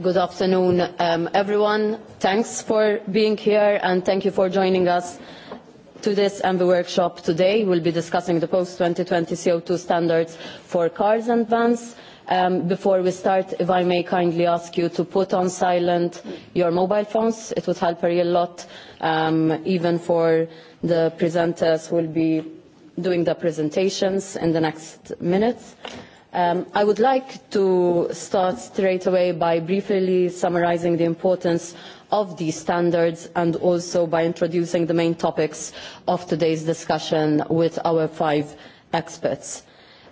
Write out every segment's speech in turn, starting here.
Good afternoon, everyone. Thanks for being here and thank you for joining us to this MV workshop today. We'll be discussing the post-2020 CO2 standards for cars and vans. Before we start, if I may kindly ask you to put on silent your mobile phones. It would help a lot, even for the presenters who will be doing the presentations in the next minutes. I would like to start straight away by briefly summarising the importance of these standards and also by introducing the main topics of today's discussion with our five experts.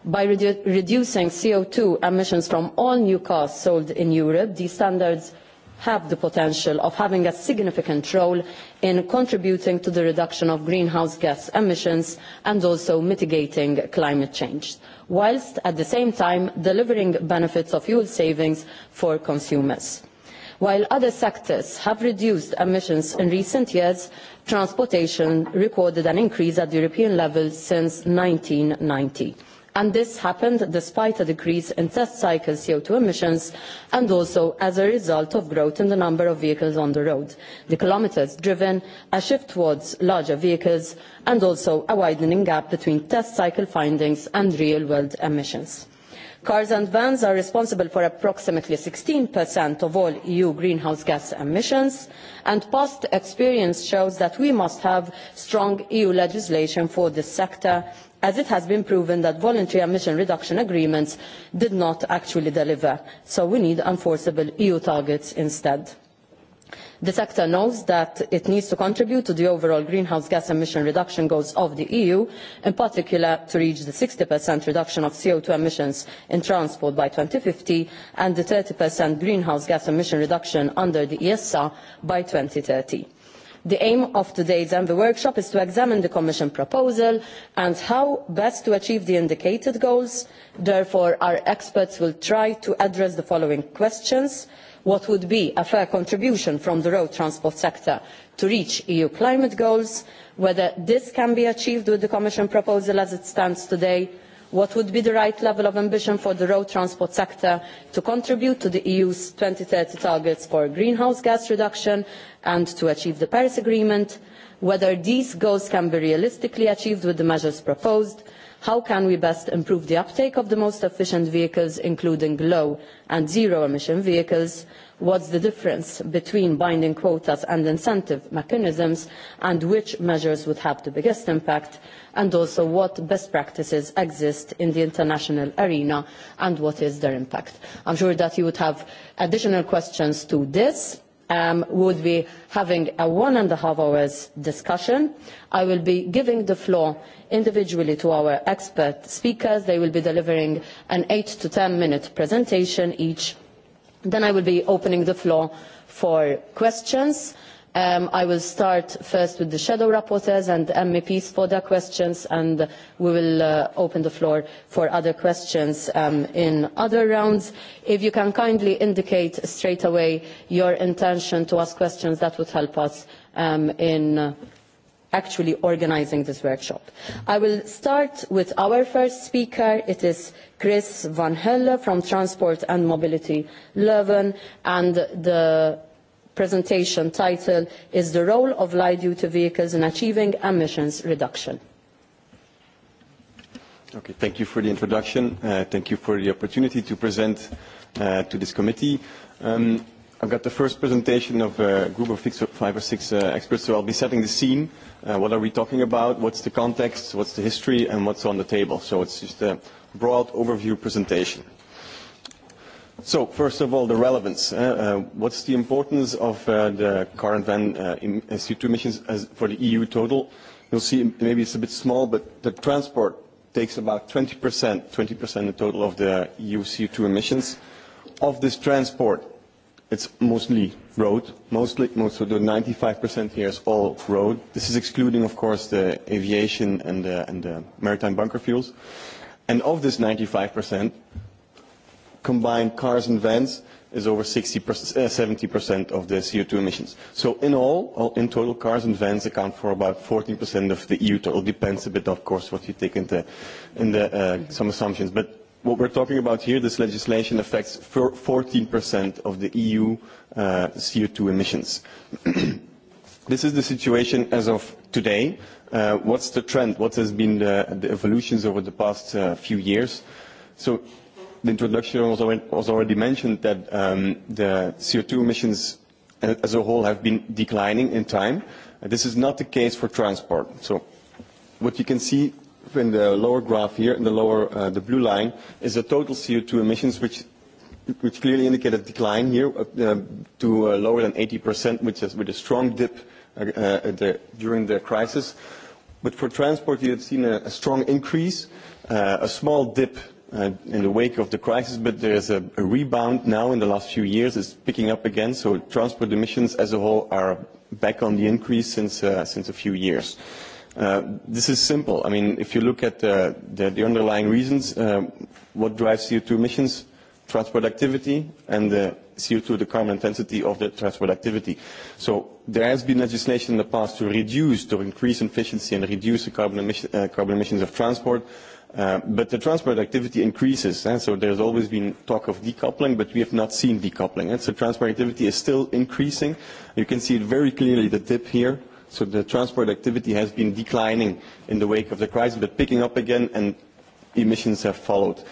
By reducing CO2 emissions from all new cars sold in Europe, these standards have the potential of having a significant role in contributing to the reduction of greenhouse gas emissions and also mitigating climate change, whilst at the same time delivering benefits of fuel savings for consumers. While other sectors have reduced emissions in recent years, transportation recorded an increase at European level since 1990 and this happened despite a decrease in test cycle CO2 emissions and also as a result of growth in the number of vehicles on the road, the kilometres driven, a shift towards larger vehicles and also a widening gap between test cycle findings and real world emissions. Cars and vans are responsible for approximately 16% of all EU greenhouse gas emissions and past experience shows that we must have strong EU legislation for this sector as it has been proven that voluntary emission reduction agreements did not actually deliver, so we need enforceable EU targets instead. The sector knows that it needs to contribute to the overall greenhouse gas emission reduction goals of the EU, in particular to reach the 60 reduction of CO2 emissions in transport by 2050 and the 30 greenhouse gas emission reduction under the ESR by 2030. The aim of today's and workshop is to examine the Commission proposal and how best to achieve the indicated goals. Therefore, our experts will try to address the following questions. What would be a fair contribution from the road transport sector to reach EU climate goals? Whether this can be achieved with the Commission proposal as it stands today? what would be the right level of ambition for the road transport sector to contribute to the EU's 2030 targets for greenhouse gas reduction and to achieve the Paris Agreement, whether these goals can be realistically achieved with the measures proposed, how can we best improve the uptake of the most efficient vehicles, including low and zero emission vehicles, What is the difference between binding quotas and incentive mechanisms and which measures would have the biggest impact and also what best practices exist in the international arena and what is their impact. I am sure that you would have additional questions to this. We will be having a one and a half hours discussion. I will be giving the floor individually to our expert speakers. They will be delivering an eight to ten minute presentation each Then I will be opening the floor for questions. I will start first with the shadow rapporteurs and MEPs for their questions, and we will open the floor for other questions in other rounds. If you can kindly indicate straight away your intention to ask questions, that would help us in actually organising this workshop. I will start with our first speaker. It is Chris Van Hulle from Transport and Mobility Leuven, and the presentation title is The Role of Light-Duty Vehicles in Achieving Emissions Reduction. Okay, thank you for the introduction. Thank you for the opportunity to present to this committee. I've got the first presentation of a group of five or six experts, so I'll be setting the scene. What are we talking about? What's the context? What's the history? And what's on the table? So it's just a broad overview presentation. So first of all, the relevance. What's the importance of the current van CO2 emissions for the EU total? You'll see maybe it's a bit small, but the transport takes about 20%, 20% the total of the EU CO2 emissions. Of this transport, it's mostly road. Mostly, most of the 95% here is all road. This is excluding, of course, the aviation and the, maritime bunker fuels. And of this 95%, combined cars and vans is over 60%, 70% of the CO2 emissions. So in all, in total, cars and vans account for about 14% of the EU total. Depends a bit, of course, what you take into, in the, some assumptions. But What we're talking about here, this legislation affects 14% of the EU CO2 emissions. This is the situation as of today. What's the trend? What has been the evolutions over the past few years? So the introduction was already mentioned that the CO2 emissions as a whole have been declining in time. This is not the case for transport. So what you can see in the lower graph here, in the lower, the blue line, is the total CO2 emissions, which which clearly indicate a decline here to lower than 80%, which is with a strong dip during the crisis. But for transport, you have seen a strong increase, a small dip in the wake of the crisis, but there is a rebound now in the last few years. It's picking up again, so transport emissions as a whole are back on the increase since a few years. This is simple. I mean, if you look at the underlying reasons, what drives CO2 emissions? Transport activity and CO2, the carbon intensity of the transport activity. So there has been legislation in the past to reduce, to increase efficiency and reduce the carbon emissions of transport. But the transport activity increases, so there's always been talk of decoupling, but we have not seen decoupling. So transport activity is still increasing. You can see it very clearly, the dip here So the transport activity has been declining in the wake of the crisis, but picking up again, and emissions have followed.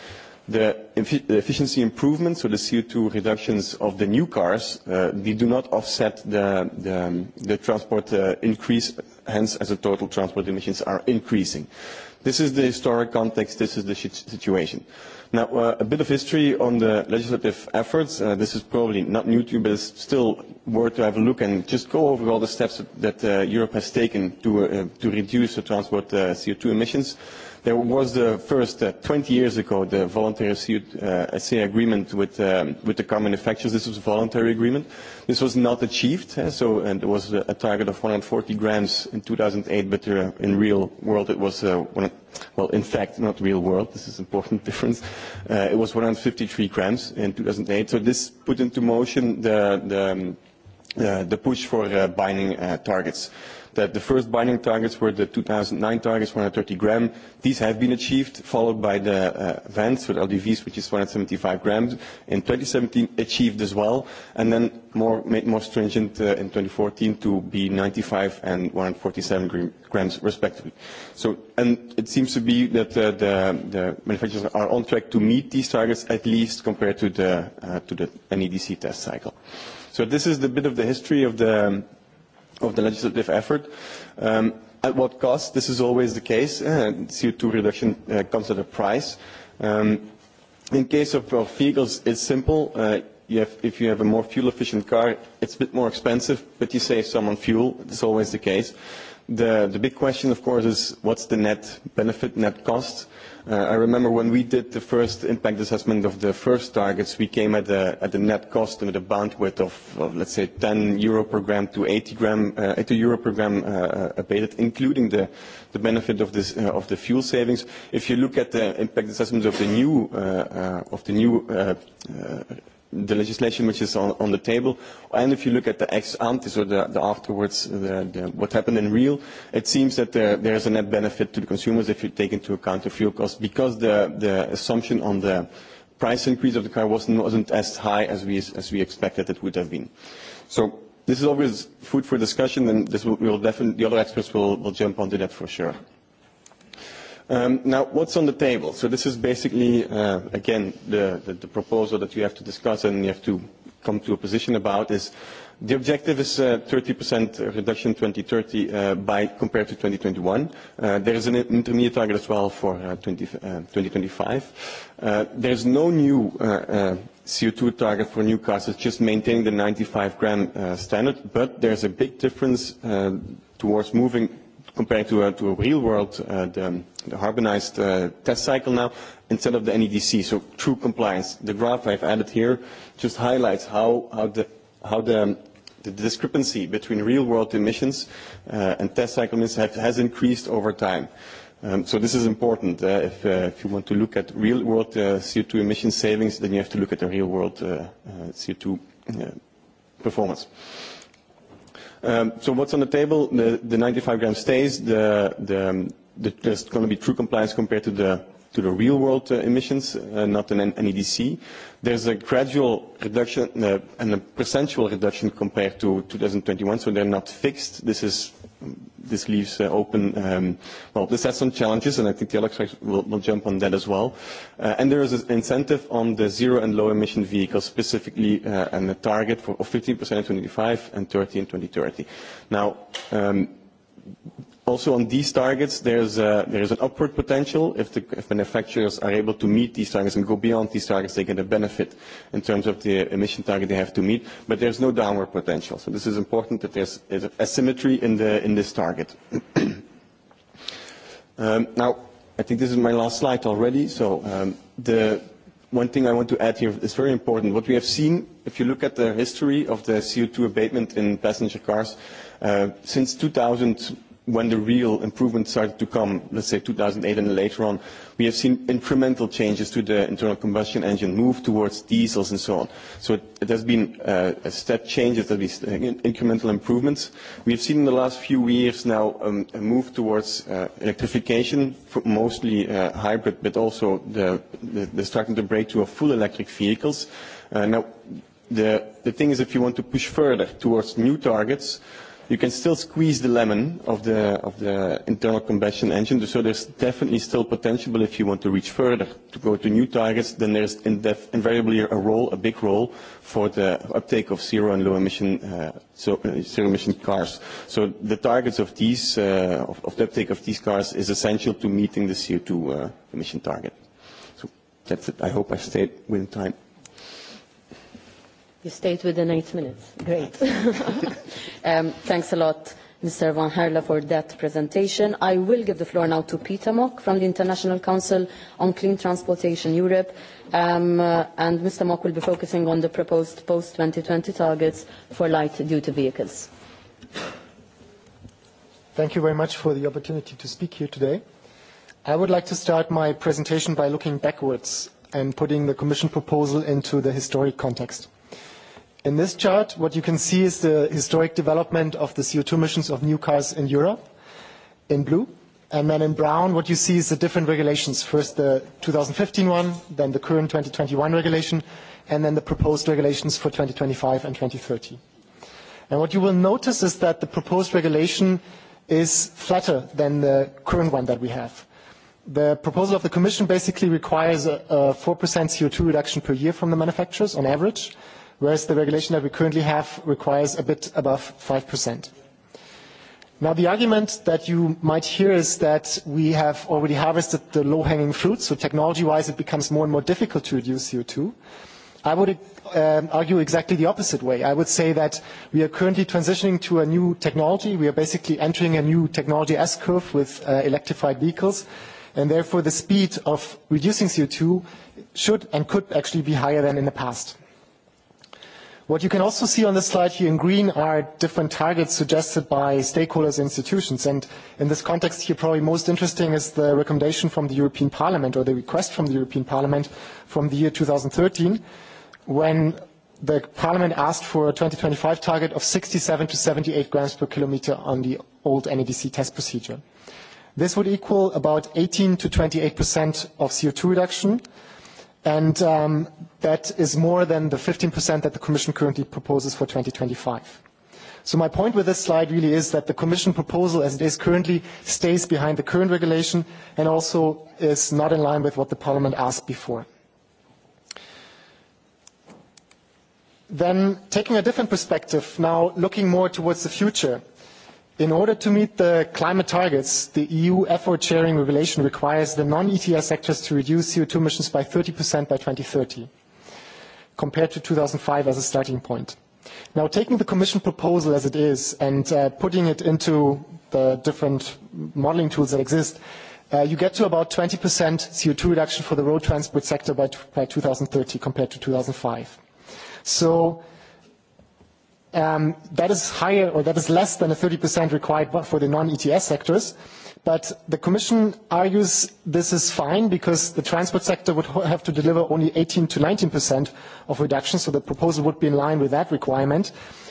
The efficiency improvements, so the CO2 reductions of the new cars, they do not offset the transport increase, hence as a total transport emissions are increasing. This is the historic context, this is the situation. Now, a bit of history on the legislative efforts. This is probably not new to you, but it's still worth to have a look and just go over all the steps that Europe has taken to reduce the transport CO2 emissions. There was the first, 20 years ago, the voluntary uh, agreement with the car manufacturers. This was a voluntary agreement. This was not achieved, so and there was a target of 140 grams in 2008, but in real world it was, well, in fact, not real world. This is an important difference. It was 153 grams in 2008. So this put into motion the push for binding targets that the first binding targets were the 2009 targets, 130 grams. These have been achieved, followed by the VANs with LDVs, which is 175 grams. In 2017, achieved as well, and then more made more stringent in 2014 to be 95 and 147 grams respectively. So, and it seems to be that the manufacturers are on track to meet these targets at least compared to the to the NEDC test cycle. So this is the bit of the history of the of the legislative effort. At what cost? This is always the case. CO2 reduction comes at a price. In case of vehicles, it's simple. If you have a more fuel-efficient car, it's a bit more expensive, but you save some on fuel. It's always the case. The big question, of course, is what's the net benefit, net cost? I remember when we did the first impact assessment of the first targets, we came at a net cost and at a bandwidth of, let's say, 10 euro per gram to 80 euro per gram abated, including the benefit of the fuel savings. If you look at the impact assessments of the new the legislation which is on the table. And if you look at the ex ante, so the afterwards, what happened in real, it seems that there is a net benefit to the consumers if you take into account the fuel costs, because the assumption on the price increase of the car wasn't as high as we expected it would have been. So this is always food for discussion, and this will definitely the other experts will jump onto that for sure. Now, what's on the table? So this is basically, again, the proposal that you have to discuss and you have to come to a position about is the objective is 30% reduction 2030 by compared to 2021. There is an intermediate target as well for 2025. There is no new CO2 target for new cars. It's just maintaining the 95 gram standard, but there's a big difference towards moving Compared to a real world, the harmonized test cycle now, instead of the NEDC, so true compliance. The graph I've added here just highlights how the discrepancy between real world emissions and test cycle emissions has increased over time. So this is important. If you want to look at real world CO2 emission savings, then you have to look at the real world CO2 performance. So what's on the table? The 95 gram stays. The the there's going to be true compliance compared to the to the real world emissions, not an NEDC. There's a gradual reduction and a percentual reduction compared to 2021. So they're not fixed. This is this leaves open, well, this has some challenges, and I think the other will jump on that as well. And there is an incentive on the zero and low emission vehicles specifically, and a target for 15% in 2025 and 30 in 2030. Now, Also on these targets, there is an upward potential. If the manufacturers are able to meet these targets and go beyond these targets, they get a benefit in terms of the emission target they have to meet. But there's no downward potential. So this is important that there's asymmetry in this target. Now, I think this is my last slide already. So the one thing I want to add here is very important. What we have seen, if you look at the history of the CO2 abatement in passenger cars, since 2000 when the real improvements started to come, let's say 2008 and later on, we have seen incremental changes to the internal combustion engine, move towards diesels and so on. So it has been a step changes, at incremental improvements. We have seen in the last few years now a move towards electrification, mostly hybrid, but also the starting to break to full electric vehicles. Now, the thing is, if you want to push further towards new targets, you can still squeeze the lemon of the of the internal combustion engine. So there's definitely still potential, if you want to reach further, to go to new targets, then there's invariably a role, a big role, for the uptake of zero and low emission zero emission cars. So the targets of these of the uptake of these cars is essential to meeting the CO2 emission target. So that's it. I hope I stayed within time. You stayed within eight minutes. Great. Thanks a lot, Mr. Van Herla, for that presentation. I will give the floor now to Peter Mock from the International Council on Clean Transportation Europe. And Mr. Mock will be focusing on the proposed post-2020 targets for light-duty vehicles. Thank you very much for the opportunity to speak here today. I would like to start my presentation by looking backwards and putting the Commission proposal into the historic context. In this chart, what you can see is the historic development of the CO2 emissions of new cars in Europe, in blue. And then in brown, what you see is the different regulations. First, the 2015 one, then the current 2021 regulation, and then the proposed regulations for 2025 and 2030. And what you will notice is that the proposed regulation is flatter than the current one that we have. The proposal of the Commission basically requires a 4% CO2 reduction per year from the manufacturers on average, whereas the regulation that we currently have requires a bit above 5%. Now, the argument that you might hear is that we have already harvested the low-hanging fruit, so technology-wise it becomes more and more difficult to reduce CO2. I would argue exactly the opposite way. I would say that we are currently transitioning to a new technology. We are basically entering a new technology S-curve with electrified vehicles, and therefore the speed of reducing CO2 should and could actually be higher than in the past. What you can also see on this slide here in green are different targets suggested by stakeholders and institutions. And in this context here, probably most interesting is the recommendation from the European Parliament or the request from the European Parliament from the year 2013 when the Parliament asked for a 2025 target of 67 to 78 grams per kilometer on the old NEDC test procedure. This would equal about 18 to 28% of CO2 reduction and that is more than the 15% that the Commission currently proposes for 2025. So my point with this slide really is that the Commission proposal as it is currently stays behind the current regulation and also is not in line with what the Parliament asked before. Then taking a different perspective, now looking more towards the future In order to meet the climate targets, the EU effort sharing regulation requires the non-ETS sectors to reduce CO2 emissions by 30% by 2030, compared to 2005 as a starting point. Now, taking the Commission proposal as it is and putting it into the different modeling tools that exist, you get to about 20% CO2 reduction for the road transport sector by 2030 compared to 2005. So That is higher or that is less than the 30% required for the non-ETS sectors. But the Commission argues this is fine because the transport sector would have to deliver only 18 to 19% of reduction, so the proposal would be in line with that requirement.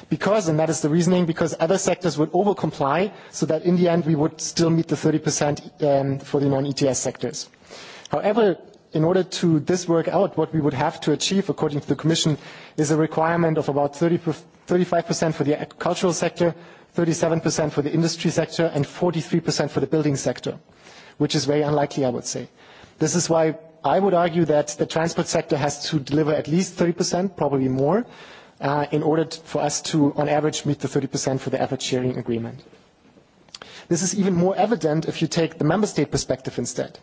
Because, and that is the reasoning, because other sectors would over-comply, so that in the end we would still meet the 30% for the non-ETS sectors. However, in order to this work out, what we would have to achieve, according to the Commission, is a requirement of about 30% 35% for the agricultural sector, 37% for the industry sector, and 43% for the building sector, which is very unlikely, I would say. This is why I would argue that the transport sector has to deliver at least 30%, probably more, in order for us to, on average, meet the 30% for the effort sharing agreement. This is even more evident if you take the member state perspective instead.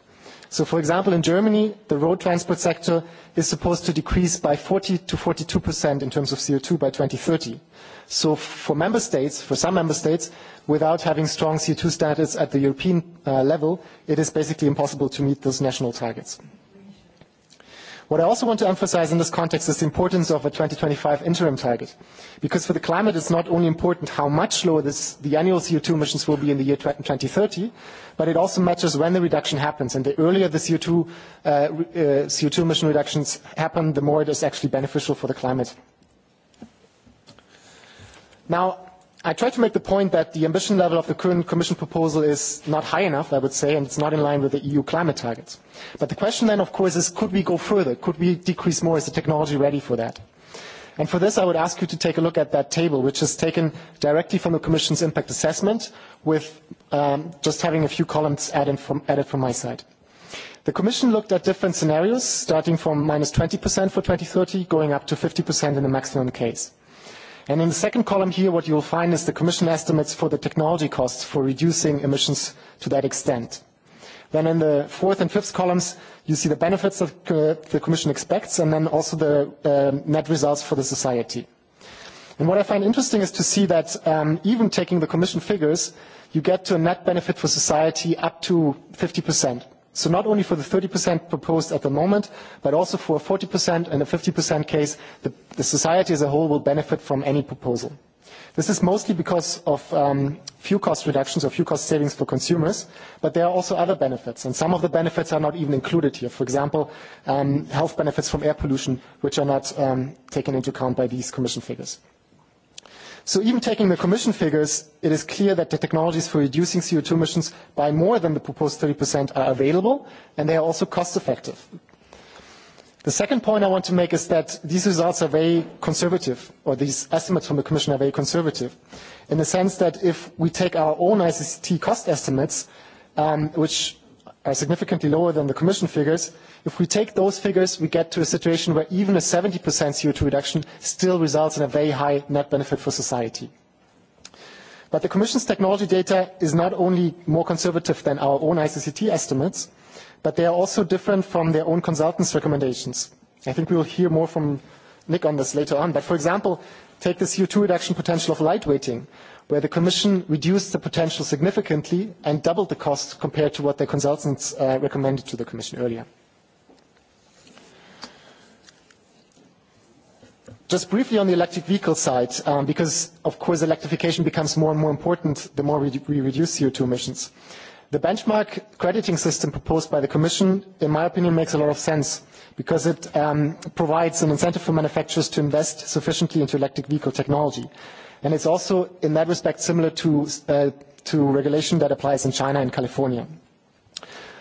So, for example, in Germany, the road transport sector is supposed to decrease by 40 to 42% in terms of CO2 by 2030. So, for member states, for some member states, without having strong CO2 standards at the European level, it is basically impossible to meet those national targets. What I also want to emphasize in this context is the importance of a 2025 interim target, because for the climate it's not only important how much lower the annual CO2 emissions will be in the year 2030, but it also matters when the reduction happens. And the earlier the CO2 emission reductions happen, the more it is actually beneficial for the climate. Now, I tried to make the point that the ambition level of the current Commission proposal is not high enough, I would say, and it's not in line with the EU climate targets. But the question then, of course, is could we go further? Could we decrease more? Is the technology ready for that? And for this, I would ask you to take a look at that table, which is taken directly from the Commission's impact assessment, with just having a few columns added from my side. The Commission looked at different scenarios, starting from minus 20% for 2030, going up to 50% in the maximum case. And in the second column here, what you'll find is the Commission estimates for the technology costs for reducing emissions to that extent. Then in the fourth and fifth columns, you see the benefits that the Commission expects and then also the net results for the society. And what I find interesting is to see that even taking the Commission figures, you get to a net benefit for society up to 50%. So not only for the 30% proposed at the moment, but also for a 40% and a 50% case, the society as a whole will benefit from any proposal. This is mostly because of fuel cost reductions or fuel cost savings for consumers, but there are also other benefits, and some of the benefits are not even included here. For example, health benefits from air pollution, which are not taken into account by these commission figures. So even taking the Commission figures, it is clear that the technologies for reducing CO2 emissions by more than the proposed 30% are available, and they are also cost-effective. The second point I want to make is that these results are very conservative, or these estimates from the Commission are very conservative, in the sense that if we take our own ICT cost estimates, which are significantly lower than the Commission figures, If we take those figures, we get to a situation where even a 70% CO2 reduction still results in a very high net benefit for society. But the Commission's technology data is not only more conservative than our own ICCT estimates, but they are also different from their own consultants' recommendations. I think we will hear more from Nick on this later on. But for example, take the CO2 reduction potential of lightweighting, where the Commission reduced the potential significantly and doubled the cost compared to what their consultants recommended to the Commission earlier. Just briefly on the electric vehicle side, because of course electrification becomes more and more important the more we reduce CO2 emissions. The benchmark crediting system proposed by the Commission, in my opinion, makes a lot of sense because it provides an incentive for manufacturers to invest sufficiently into electric vehicle technology. And it's also, in that respect, similar to regulation that applies in China and California.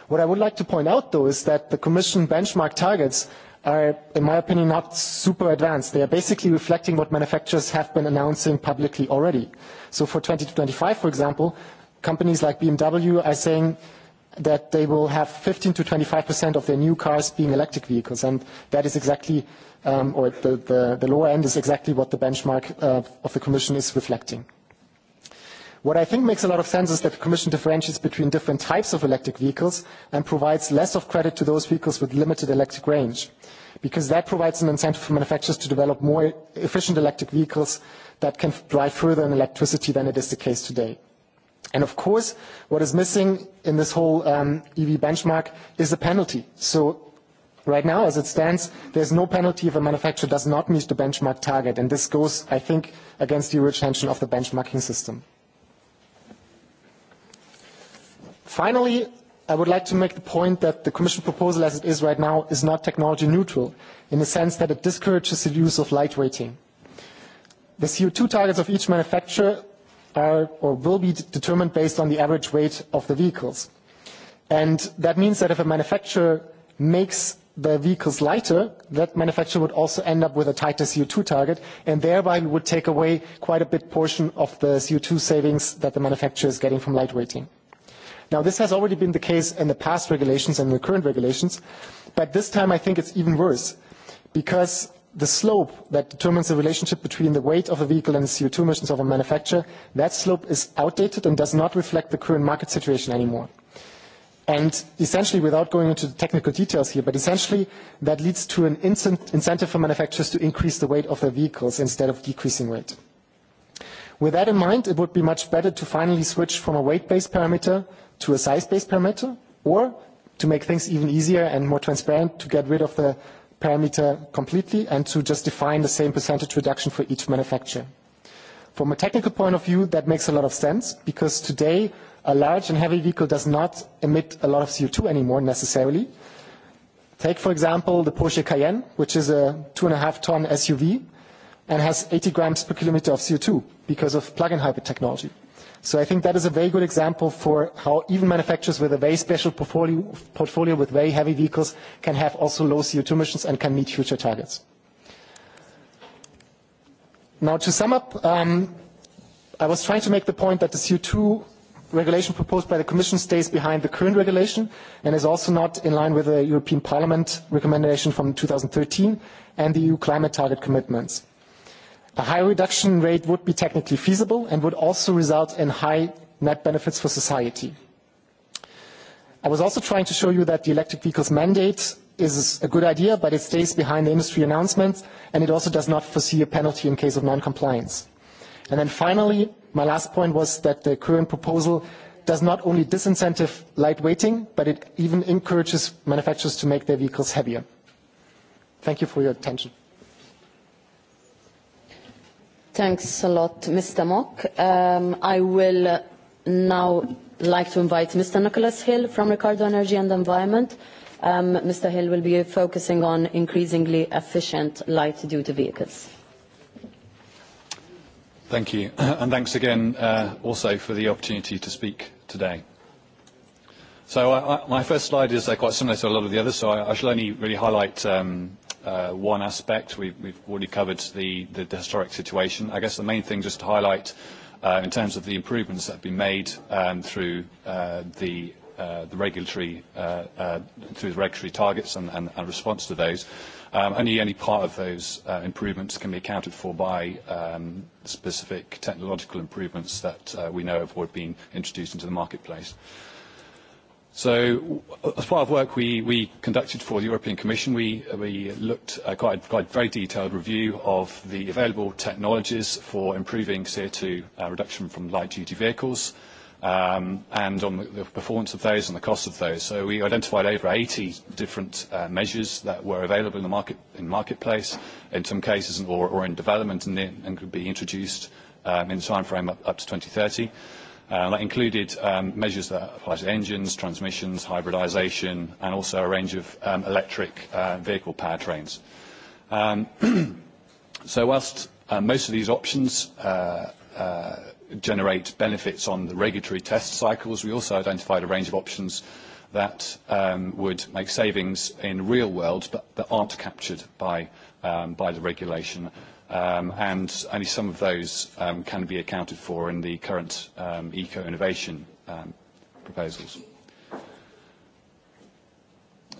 What I would like to point out, though, is that the Commission benchmark targets are, in my opinion, not super advanced. They are basically reflecting what manufacturers have been announcing publicly already. So for 2025, for example, companies like BMW are saying that they will have 15 to 25% of their new cars being electric vehicles. And that is exactly, or the lower end is exactly what the benchmark of the Commission is reflecting. What I think makes a lot of sense is that the Commission differentiates between different types of electric vehicles and provides less of credit to those vehicles with limited electric range, because that provides an incentive for manufacturers to develop more efficient electric vehicles that can drive further in electricity than it is the case today. And of course, what is missing in this whole EV benchmark is a penalty. So right now, as it stands, there is no penalty if a manufacturer does not meet the benchmark target, and this goes, I think, against the original intention of the benchmarking system. Finally, I would like to make the point that the Commission proposal as it is right now is not technology neutral, in the sense that it discourages the use of lightweighting. The CO2 targets of each manufacturer are or will be determined based on the average weight of the vehicles. And that means that if a manufacturer makes the vehicles lighter, that manufacturer would also end up with a tighter CO2 target, and thereby would take away quite a big portion of the CO2 savings that the manufacturer is getting from lightweighting. Now, this has already been the case in the past regulations and the current regulations, but this time I think it's even worse because the slope that determines the relationship between the weight of a vehicle and the CO2 emissions of a manufacturer, that slope is outdated and does not reflect the current market situation anymore. And essentially, without going into the technical details here, but essentially that leads to an incentive for manufacturers to increase the weight of their vehicles instead of decreasing weight. With that in mind, it would be much better to finally switch from a weight-based parameter to a size-based parameter, or to make things even easier and more transparent, to get rid of the parameter completely and to just define the same percentage reduction for each manufacturer. From a technical point of view, that makes a lot of sense because today a large and heavy vehicle does not emit a lot of CO2 anymore necessarily. Take, for example, the Porsche Cayenne, which is a 2.5-ton SUV and has 80 grams per kilometer of CO2 because of plug-in hybrid technology. So I think that is a very good example for how even manufacturers with a very special portfolio with very heavy vehicles can have also low CO2 emissions and can meet future targets. Now to sum up, I was trying to make the point that the CO2 regulation proposed by the Commission stays behind the current regulation and is also not in line with the European Parliament recommendation from 2013 and the EU climate target commitments. A high reduction rate would be technically feasible and would also result in high net benefits for society. I was also trying to show you that the electric vehicles mandate is a good idea, but it stays behind the industry announcements and it also does not foresee a penalty in case of non-compliance. And then finally, my last point was that the current proposal does not only disincentive lightweighting, but it even encourages manufacturers to make their vehicles heavier. Thank you for your attention. Thanks a lot, Mr. Mock. I will now like to invite Mr. Nicholas Hill from Ricardo Energy and Environment. Mr. Hill will be focusing on increasingly efficient light-duty vehicles. Thank you, and thanks again also for the opportunity to speak today. So my first slide is quite similar to a lot of the others, so I shall only really highlight one aspect. We've already covered the historic situation. I guess the main thing just to highlight in terms of the improvements that have been made through the regulatory targets and response to those, only any part of those improvements can be accounted for by specific technological improvements that we know have been introduced into the marketplace. So as part of work we conducted for the European Commission, we looked at quite a very detailed review of the available technologies for improving CO2 reduction from light-duty vehicles and on the performance of those and the cost of those. So we identified over 80 different measures that were available in the market in marketplace, in some cases or in development and could be introduced in the frame up to 2030. That included measures that apply to engines, transmissions, hybridization, and also a range of electric vehicle powertrains. So whilst most of these options generate benefits on the regulatory test cycles, we also identified a range of options that would make savings in real world but that aren't captured by the regulation and only some of those can be accounted for in the current eco-innovation proposals.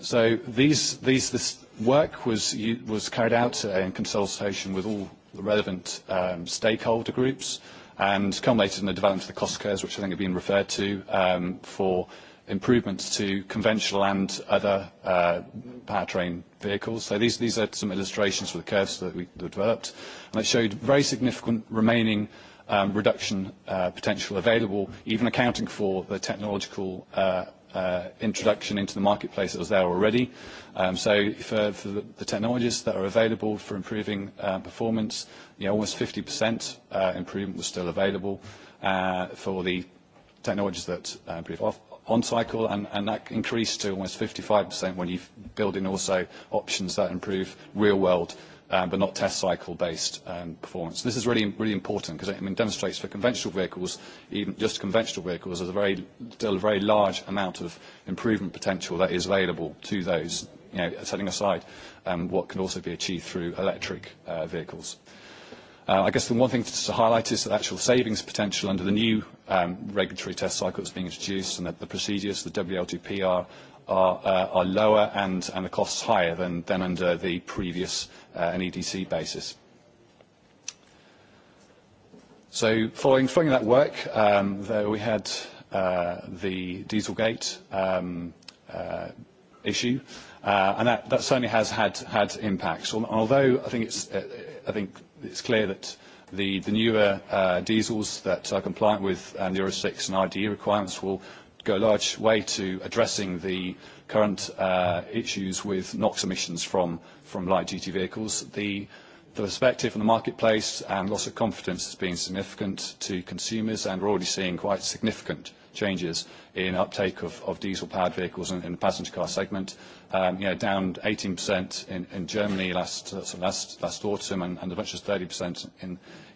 So this work was was carried out in consultation with all the relevant stakeholder groups and culminated in the development of the cost curves, which I think have been referred to, for improvements to conventional and other powertrain vehicles. So these are some illustrations for the curves that we developed, and it showed very significant remaining reduction potential available, even accounting for the technological introduction into the marketplace that was there already. So for the technologies that are available for improving performance, almost 50% improvement was still available for the technologies that improve on cycle and that increased to almost 55% when you build in also options that improve real world but not test cycle based performance. This is really really important because it demonstrates for conventional vehicles, even just conventional vehicles, there's a very still a very large amount of improvement potential that is available to those, you know, setting aside what can also be achieved through electric vehicles. I guess the one thing to highlight is the actual savings potential under the new regulatory test cycle that's being introduced and that the procedures, the WLTP, are are lower and the costs higher than under the previous NEDC basis. So following that work, we had the Dieselgate issue, and that certainly has had impacts. Although I think it's, I think it's clear that the newer diesels that are compliant with Euro 6 and IDE requirements will go a large way to addressing the current issues with NOx emissions from light-duty vehicles. The perspective on the marketplace and loss of confidence has been significant to consumers, and we're already seeing quite significant changes in uptake of diesel-powered vehicles in the passenger car segment. Down 18% in Germany last autumn and as much as 30%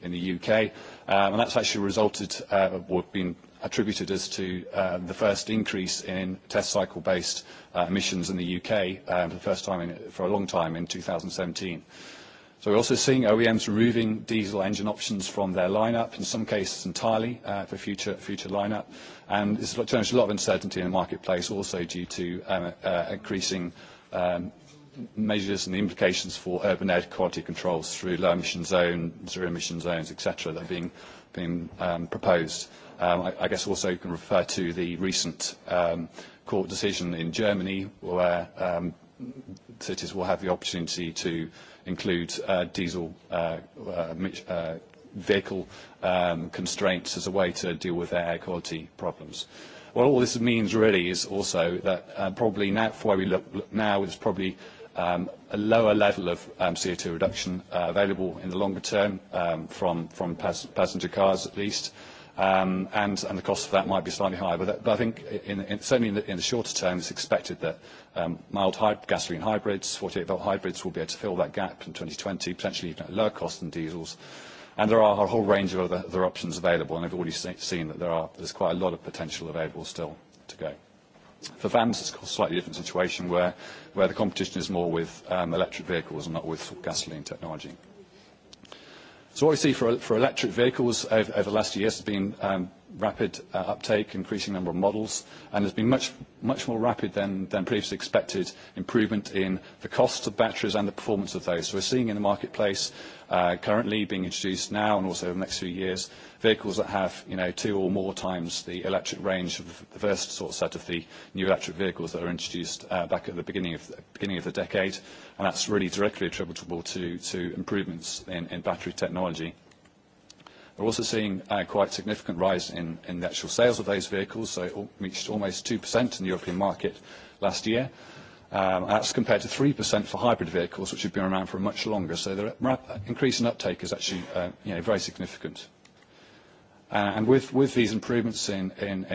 in the UK. And that's actually resulted or been attributed as to the first increase in test cycle-based emissions in the UK for the first time for a long time in 2017. So we're also seeing OEMs removing diesel engine options from their lineup, in some cases entirely, for future lineup. And this has generated a lot of uncertainty in the marketplace, also due to increasing measures and the implications for urban air quality controls through low-emission zones, zero-emission zones, etc., that are being proposed. I guess also you can refer to the recent court decision in Germany, where cities will have the opportunity to include diesel vehicle constraints as a way to deal with air quality problems. What all this means really is also that probably now, for where we look now, is probably a lower level of CO2 reduction available in the longer term from passenger cars at least and the cost of that might be slightly higher. But I think in certainly in the shorter term, it's expected that mild gasoline hybrids, 48-volt hybrids, will be able to fill that gap in 2020, potentially even at lower cost than diesels. And there are a whole range of other options available, and I've already seen that there are there's quite a lot of potential available still to go. For vans, it's a slightly different situation where the competition is more with electric vehicles and not with gasoline technology. So what we see for electric vehicles over the last years has been rapid uptake, increasing number of models, and there's been much more rapid than previously expected improvement in the cost of batteries and the performance of those. So we're seeing in the marketplace currently being introduced now and also in the next few years, vehicles that have two or more times the electric range of the first sort of set of the new electric vehicles that were introduced back at the beginning of the decade and that's really directly attributable to improvements in battery technology. We're also seeing a quite significant rise in the actual sales of those vehicles, so it reached almost 2% in the European market last year. That's compared to 3% for hybrid vehicles, which have been around for much longer. So the increase in uptake is actually you know very significant. And with these improvements in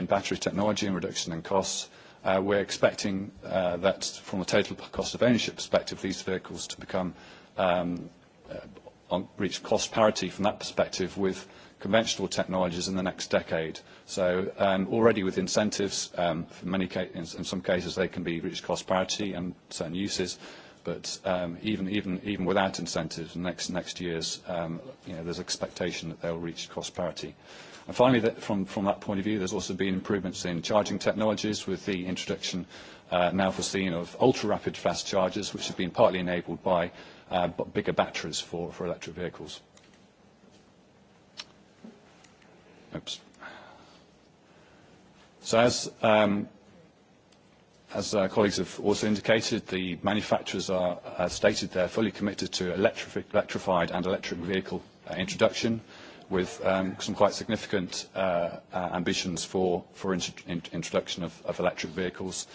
battery technology and reduction in costs, We're expecting that from a total cost of ownership perspective, these vehicles to become reach cost parity from that perspective with conventional technologies in the next decade. So already with incentives, in some cases they can be reached cost parity and certain uses, but even without incentives, next next years, you know, there's expectation that they'll reach cost parity. And finally, from that point of view, there's also been improvements in charging technologies with the introduction now foreseen of ultra-rapid fast chargers, which have been partly enabled by bigger batteries for electric vehicles. So as As colleagues have also indicated, the manufacturers are stated they're fully committed to electrified and electric vehicle introduction with some quite significant ambitions for introduction of electric vehicles.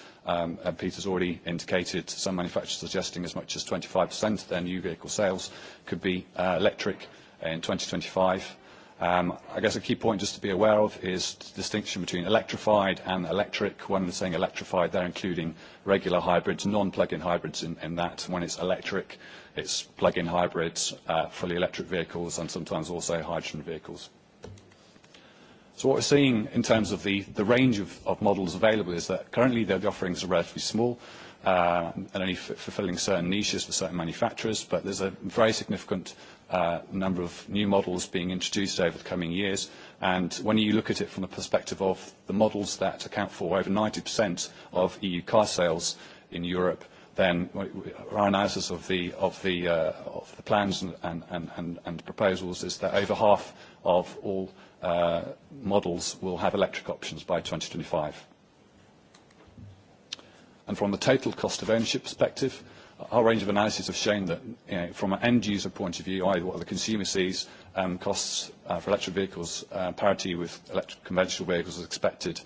Peter's already indicated some manufacturers suggesting as much as 25% of their new vehicle sales could be electric in 2025. I guess a key point just to be aware of is the distinction between electrified and electric. When we're saying electrified, they're including regular hybrids, non-plug-in hybrids in that. When it's electric, It's plug-in hybrids, fully electric vehicles, and sometimes also hydrogen vehicles. So what we're seeing in terms of the range of models available is that currently the offerings are relatively small and only fulfilling certain niches for certain manufacturers, but there's a very significant number of new models being introduced over the coming years. And when you look at it from the perspective of the models that account for over 90% of EU car sales in Europe, then our analysis of the of the of the plans and and and proposals is that over half of all models will have electric options by 2025. And from the total cost of ownership perspective, our range of analyses have shown that from an end user point of view, either what the consumer sees, costs for electric vehicles parity with electric conventional vehicles is expected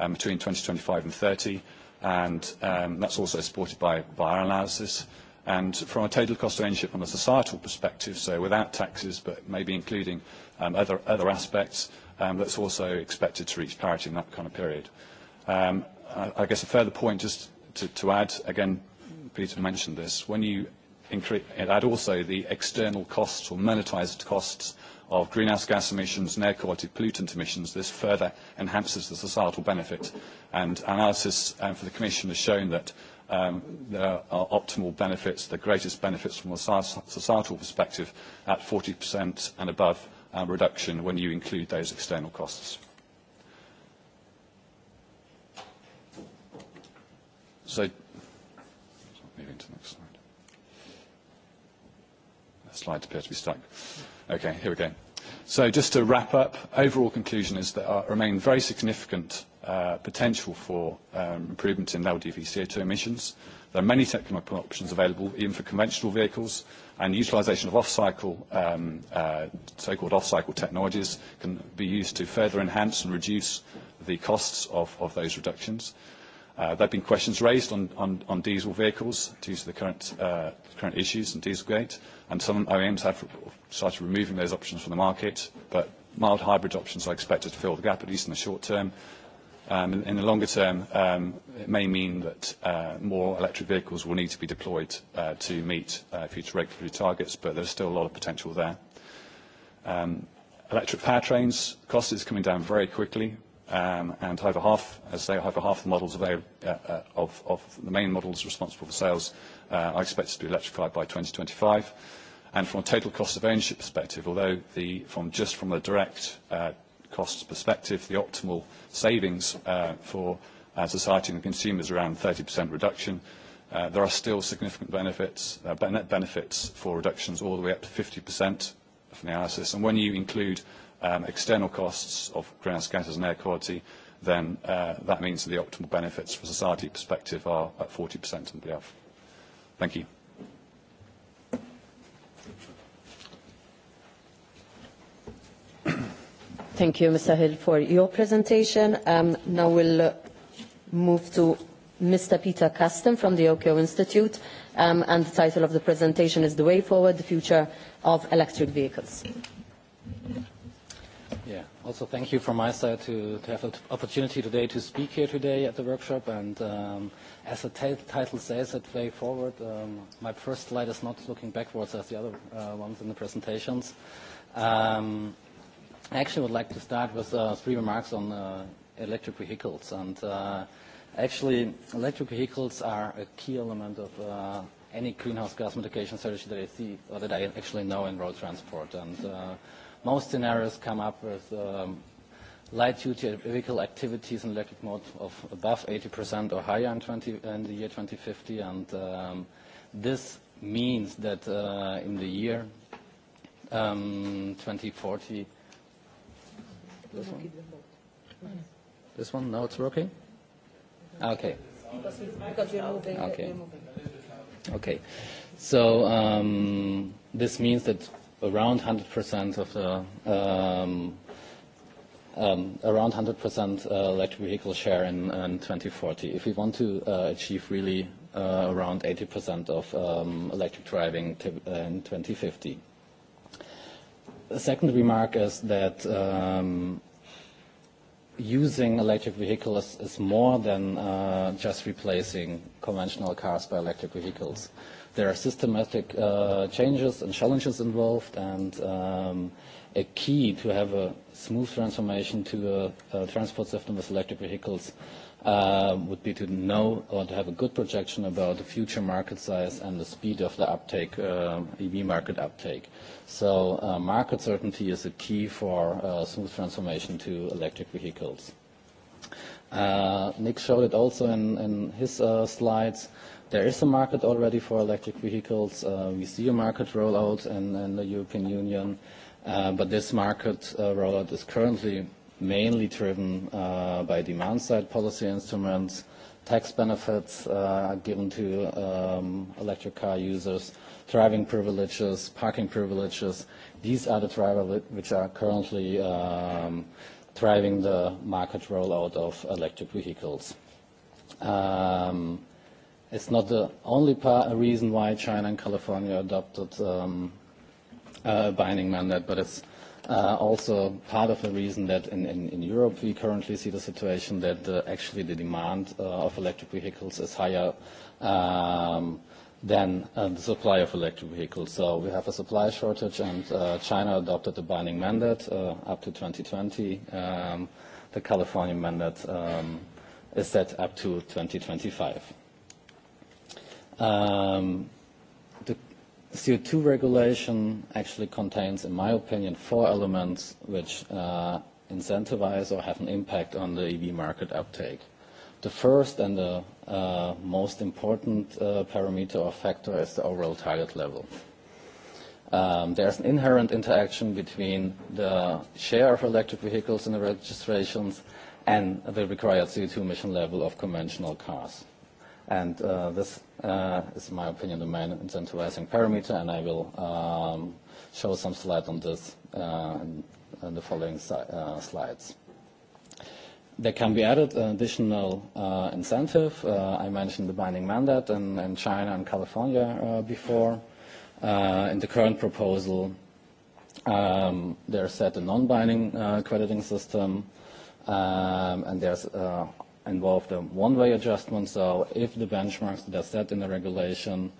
between 2025 and 30 and that's also supported by our analysis. And from a total cost of ownership from a societal perspective, so without taxes but maybe including other aspects, that's also expected to reach parity in that kind of period. I guess a further point just to add, again, Peter mentioned this, when you add also the external costs or monetised costs of greenhouse gas emissions and air quality pollutant emissions, this further enhances the societal benefit. And analysis for the Commission has shown that there are optimal benefits, the greatest benefits from a societal perspective, at 40% and above reduction when you include those external costs. So, moving to the next slide. That slide appears to be stuck. Okay, here we go. So just to wrap up, overall conclusion is that there remain very significant potential for improvement in LDV CO2 emissions. There are many technical options available, even for conventional vehicles, and utilisation of off-cycle, so-called off-cycle technologies can be used to further enhance and reduce the costs of those reductions. There have been questions raised on diesel vehicles due to the current issues in Dieselgate, and some OEMs have started removing those options from the market, but mild hybrid options are expected to fill the gap, at least in the short term. In the longer term, it may mean that more electric vehicles will need to be deployed to meet future regulatory targets, but there's still a lot of potential there. Electric powertrains, cost is coming down very quickly, and over half, as say, over half the models of the main models responsible for sales are expected to be electrified by 2025. And from a total cost of ownership perspective, although from just from a direct cost perspective, the optimal savings for society and consumers around 30% reduction. There are still significant benefits, net benefits for reductions all the way up to 50% of analysis. And when you include external costs of greenhouse gases and air quality, then that means the optimal benefits for society perspective are at 40% and beyond. Thank you. Thank you, Mr. Hill, for your presentation. Now we'll move to Mr. Peter Kasten from the OKO Institute, and the title of the presentation is The Way Forward, the Future of Electric Vehicles. Also thank you from my side to have the opportunity today to speak here today at the workshop. And as the title says, at Way Forward, my first slide is not looking backwards as the other ones in the presentations. I actually would like to start with three remarks on electric vehicles. And actually, electric vehicles are a key element of any greenhouse gas mitigation strategy that I see or that I actually know in road transport. And Most scenarios come up with light-duty vehicle activities in electric mode of above 80% or higher in the year 2050, and this means that in the year 2040, this one, this one, now it's working. Okay. Okay. Okay. So this means that around 100% of the um, um, around 100% electric vehicle share in, 2040. If we want to achieve really around 80% of um, electric driving in 2050. The second remark is that um, using electric vehicles is more than uh, just replacing conventional cars by electric vehicles. There are systematic changes and challenges involved, and a key to have a smooth transformation to a transport system with electric vehicles would be to know or to have a good projection about the future market size and the speed of the uptake, EV market uptake. So market certainty is a key for smooth transformation to electric vehicles. Nick showed it also in his slides. There is a market already for electric vehicles. We see a market rollout in the European Union, but this market rollout is currently mainly driven by demand-side policy instruments. Tax benefits given to electric car users, driving privileges, parking privileges. These are the drivers which are currently driving the market rollout of electric vehicles. It's not the only reason why China and California adopted a binding mandate, but it's also part of the reason that in Europe we currently see the situation that actually the demand of electric vehicles is higher than the supply of electric vehicles. So we have a supply shortage, and China adopted the binding mandate up to 2020. The California mandate is set up to 2025. The CO2 regulation actually contains, in my opinion, four elements which incentivize or have an impact on the EV market uptake. The first and the most important parameter or factor is the overall target level. There's an inherent interaction between the share of electric vehicles in the registrations and the required CO2 emission level of conventional cars. And this is, in my opinion, the main incentivizing parameter, and I will show some slides on this in the following slides. There can be added an additional incentive. I mentioned the binding mandate in China and California before. In the current proposal, is set a non-binding crediting system, and there's involved a one-way adjustment, so if the benchmarks that are set in the regulation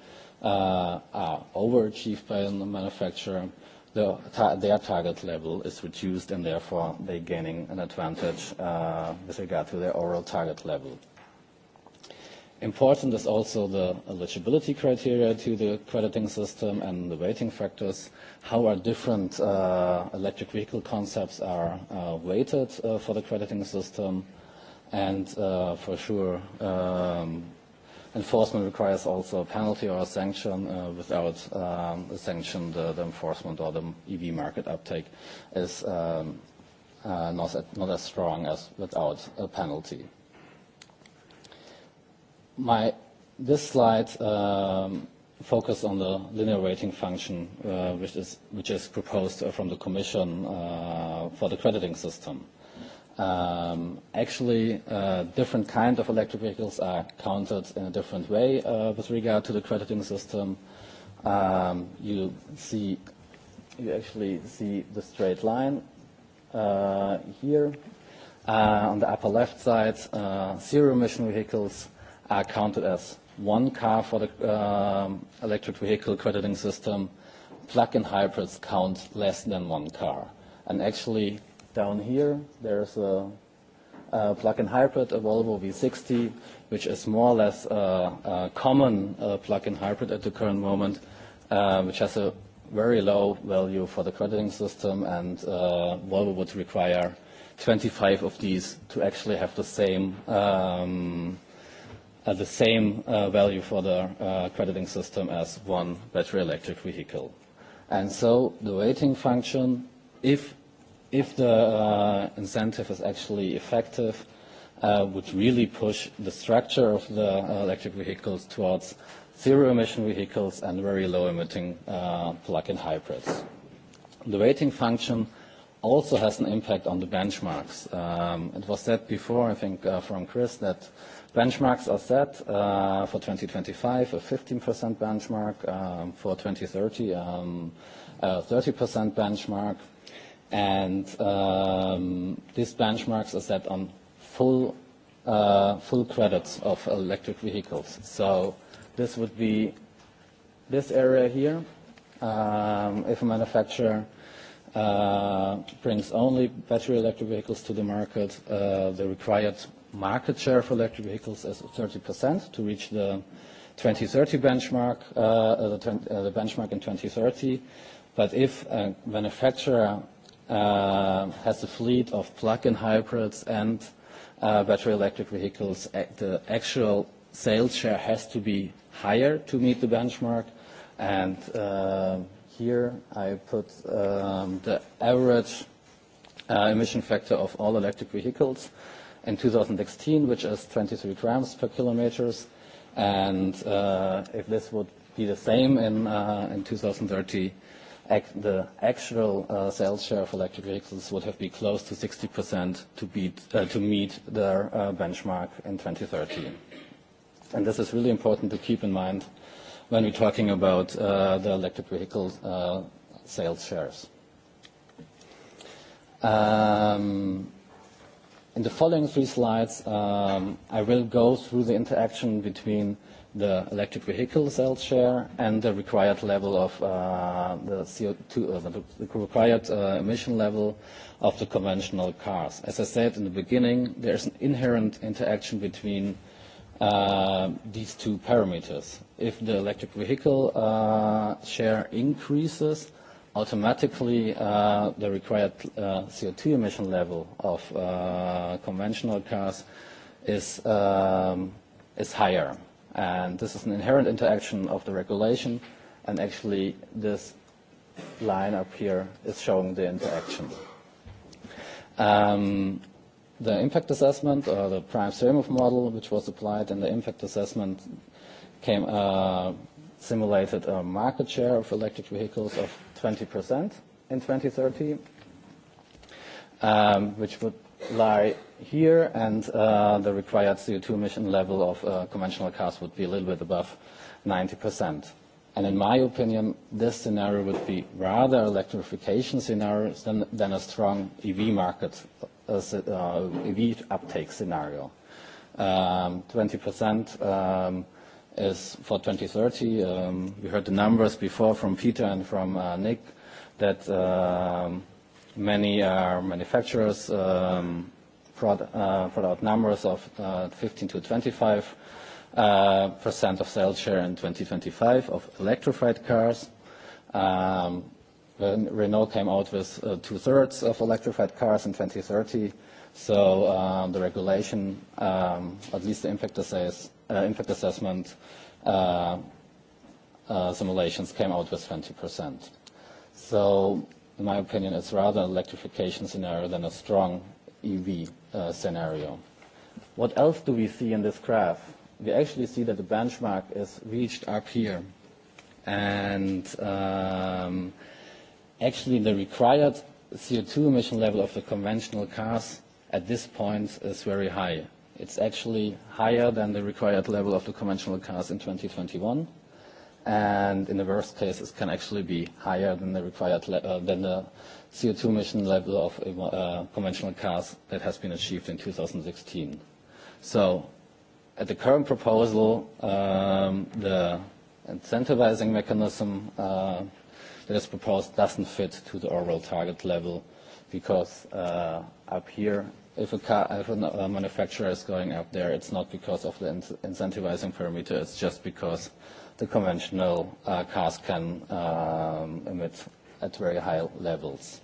are overachieved by the manufacturer, their target level is reduced and therefore they're gaining an advantage with regard to their overall target level. Important is also the eligibility criteria to the crediting system and the weighting factors, how are different electric vehicle concepts are weighted for the crediting system, and for sure enforcement requires also a penalty or a sanction. Without a sanction, the enforcement or the EV market uptake is not as strong as without a penalty. My This slide focuses on the linear rating function, which is proposed from the Commission for the crediting system. Actually, different kind of electric vehicles are counted in a different way with regard to the crediting system. You see, you actually see the straight line here. On the upper left side, zero-emission vehicles are counted as one car for the electric vehicle crediting system. Plug-in hybrids count less than one car. And actually, down here, there is a plug-in hybrid, a Volvo V60, which is more or less a common plug-in hybrid at the current moment, which has a very low value for the crediting system, and Volvo would require 25 of these to actually have the same the same value for the crediting system as one battery electric vehicle. And so the weighting function, if if the incentive is actually effective, would really push the structure of the electric vehicles towards zero-emission vehicles and very low-emitting plug-in hybrids. The rating function also has an impact on the benchmarks. It was said before, I think, from Chris, that benchmarks are set for 2025, a 15% benchmark, for 2030, a 30% benchmark. And these benchmarks are set on full full credits of electric vehicles. So this would be this area here. If a manufacturer brings only battery electric vehicles to the market, the required market share for electric vehicles is 30% to reach the 2030 benchmark, the benchmark in 2030. But if a manufacturer has a fleet of plug-in hybrids and battery electric vehicles, the actual sales share has to be higher to meet the benchmark. And here I put the average emission factor of all electric vehicles in 2016, which is 23 grams per kilometer. And if this would be the same in 2030, the actual sales share of electric vehicles would have been close to 60% to meet their benchmark in 2030. And this is really important to keep in mind when we're talking about the electric vehicle sales shares. In the following three slides, I will go through the interaction between the electric vehicle sales share and the required level of the CO2, the required emission level of the conventional cars. As I said in the beginning, there is an inherent interaction between these two parameters. If the electric vehicle share increases, automatically the required CO2 emission level of conventional cars is is higher. And this is an inherent interaction of the regulation, and actually this line up here is showing the interaction. The impact assessment, or the prime stream of model, which was applied in the impact assessment, came uh simulated a market share of electric vehicles of 20% in 2030, which would lie here, and the required CO2 emission level of conventional cars would be a little bit above 90%. And in my opinion, this scenario would be rather electrification scenario than a strong EV market, EV uptake scenario. 20% is for 2030. We heard the numbers before from Peter and from Nick that Many manufacturers brought out numbers of 15 to 25 percent of sales share in 2025 of electrified cars. Renault came out with two-thirds of electrified cars in 2030. So the regulation, at least the impact assessment simulations, came out with 20%. So in my opinion, it's rather an electrification scenario than a strong EV scenario. What else do we see in this graph? We actually see that the benchmark is reached up here. And actually the required CO2 emission level of the conventional cars at this point is very high. It's actually higher than the required level of the conventional cars in 2021 and in the worst cases can actually be higher than the required than the CO2 emission level of conventional cars that has been achieved in 2016. So at the current proposal, the incentivizing mechanism that is proposed doesn't fit to the overall target level because up here, if a car, if a manufacturer is going up there, it's not because of the incentivizing parameter, it's just because the conventional cars can emit at very high levels.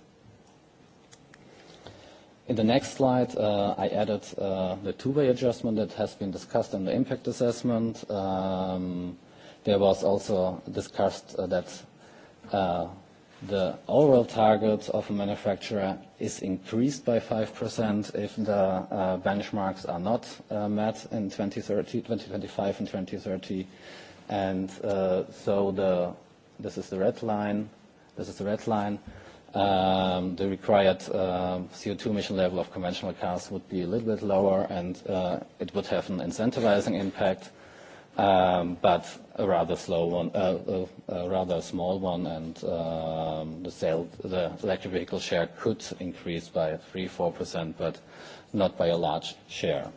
In the next slide, I added the two-way adjustment that has been discussed in the impact assessment. There was also discussed that the overall target of a manufacturer is increased by 5% if the benchmarks are not met in 2030, 2025 and 2030 and so the this is the red line this is the red line um the required CO2 emission level of conventional cars would be a little bit lower and it would have an incentivizing impact um but a rather slow one a rather small one and the sale the electric vehicle share could increase by 3 4% but not by a large share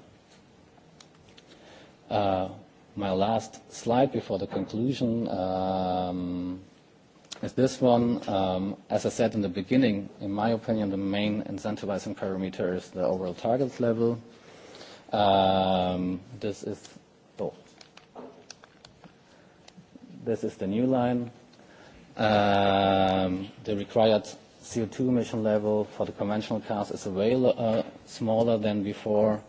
uh my last slide before the conclusion is this one. As I said in the beginning, in my opinion, the main incentivizing parameter is the overall target level. This is this is the new line. The required CO2 emission level for the conventional cars is way smaller than before.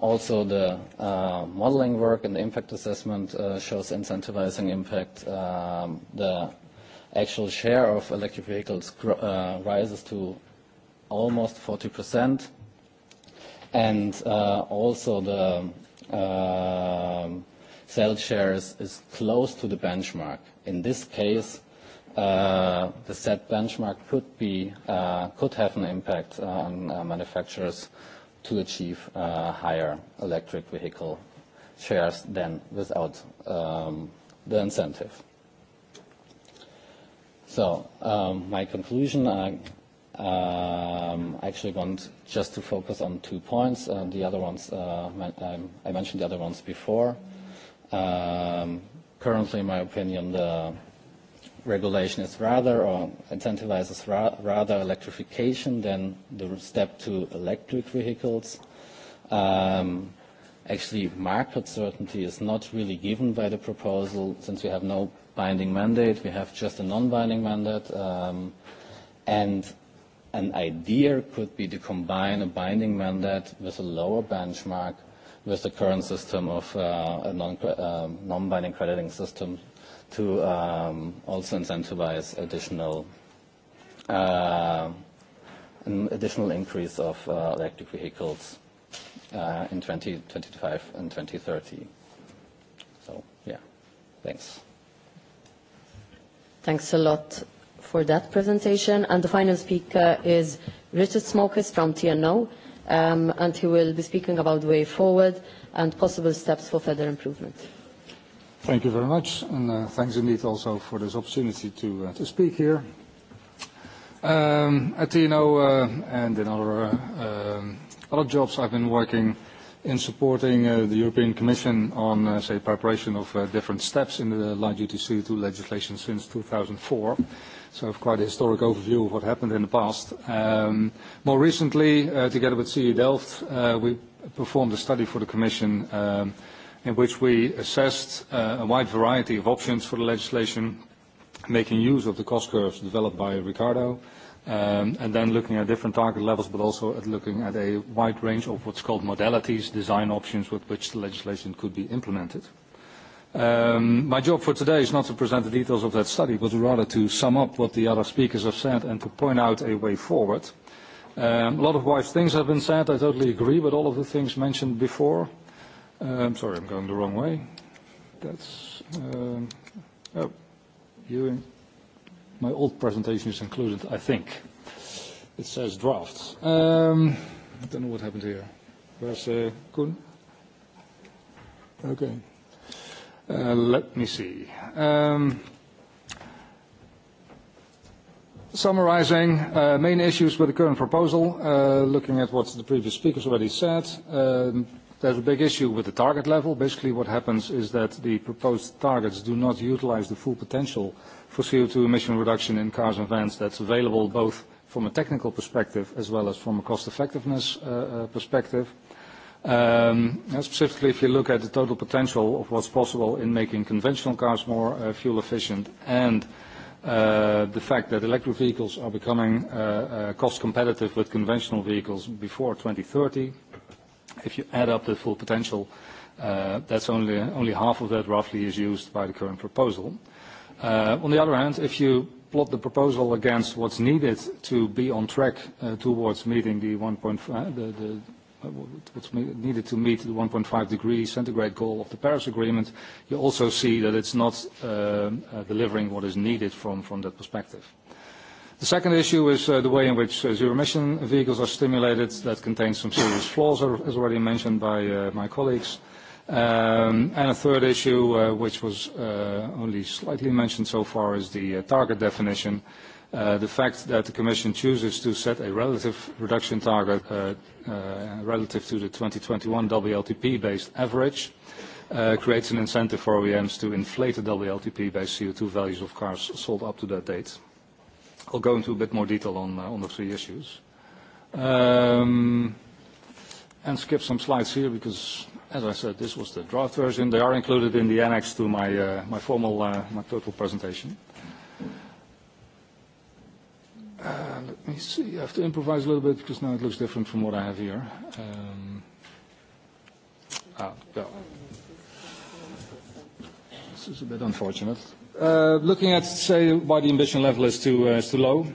Also, the modeling work and the impact assessment shows incentivizing impact. The actual share of electric vehicles rises to almost 40%. And also, the sales share is close to the benchmark. In this case, the set benchmark could have an impact on manufacturers' to achieve higher electric vehicle shares than without the incentive. So my conclusion, I actually want just to focus on two points. The other ones, I mentioned the other ones before. Currently, in my opinion, the regulation is rather or incentivizes rather electrification than the step to electric vehicles. Actually, market certainty is not really given by the proposal since we have no binding mandate. We have just a non-binding mandate. And an idea could be to combine a binding mandate with a lower benchmark with the current system of a non-binding crediting system to also incentivize additional an additional increase of electric vehicles in 2025 and 2030. So, yeah, thanks. Thanks a lot for that presentation. And the final speaker is Richard Smokers from TNO, and he will be speaking about the way forward and possible steps for further improvement. Thank you very much, and thanks indeed also for this opportunity to to speak here. At TNO and in other jobs, I've been working in supporting the European Commission on, say, preparation of different steps in the light-duty CO2 legislation since 2004. So have quite a historic overview of what happened in the past. More recently, together with CE Delft, we performed a study for the Commission in which we assessed a wide variety of options for the legislation, making use of the cost curves developed by Ricardo, and then looking at different target levels, but also at looking at a wide range of what's called modalities, design options with which the legislation could be implemented. My job for today is not to present the details of that study, but rather to sum up what the other speakers have said and to point out a way forward. A lot of wise things have been said. I totally agree with all of the things mentioned before. I'm sorry, I'm going the wrong way. That's, oh, you, my old presentation is included, I think. It says drafts. Um, I don't know what happened here. Where's uh, Okay. Uh, let me see. Um, Summarizing main issues with the current proposal, looking at what the previous speakers already said, There's a big issue with the target level. Basically, what happens is that the proposed targets do not utilize the full potential for CO2 emission reduction in cars and vans that's available both from a technical perspective as well as from a cost-effectiveness perspective. Specifically, if you look at the total potential of what's possible in making conventional cars more fuel efficient and the fact that electric vehicles are becoming cost competitive with conventional vehicles before 2030, If you add up the full potential, that's only half of that roughly is used by the current proposal. On the other hand, if you plot the proposal against what's needed to be on track towards meeting the what's needed to meet the 1.5 degree centigrade goal of the Paris Agreement, you also see that it's not delivering what is needed from that perspective. The second issue is the way in which zero-emission vehicles are stimulated. That contains some serious flaws, as already mentioned by my colleagues. And a third issue, which was only slightly mentioned so far, is the target definition. The fact that the Commission chooses to set a relative reduction target relative to the 2021 WLTP-based average creates an incentive for OEMs to inflate the WLTP-based CO2 values of cars sold up to that date. I'll go into a bit more detail on the three issues. And skip some slides here because, as I said, this was the draft version. They are included in the annex to my formal, my total presentation. Let me see. I have to improvise a little bit because now it looks different from what I have here. This is a bit unfortunate. Looking at, say, why the ambition level is too low.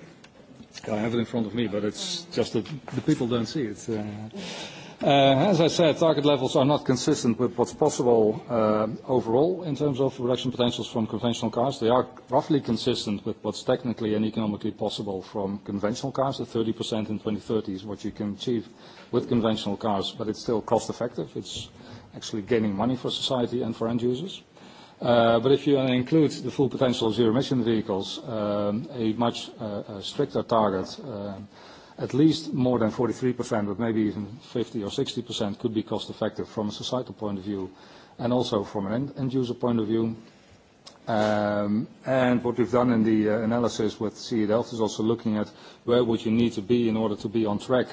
I have it in front of me, but it's just that the people don't see it. As I said, target levels are not consistent with what's possible overall in terms of reduction potentials from conventional cars. They are roughly consistent with what's technically and economically possible from conventional cars. The 30% in 2030 is what you can achieve with conventional cars, but it's still cost effective. It's actually gaining money for society and for end users. But if you include the full potential of zero-emission vehicles, a much stricter target, at least more than 43%, but maybe even 50 or 60% could be cost-effective from a societal point of view and also from an end-user point of view. And what we've done in the analysis with CEDELF is also looking at where would you need to be in order to be on track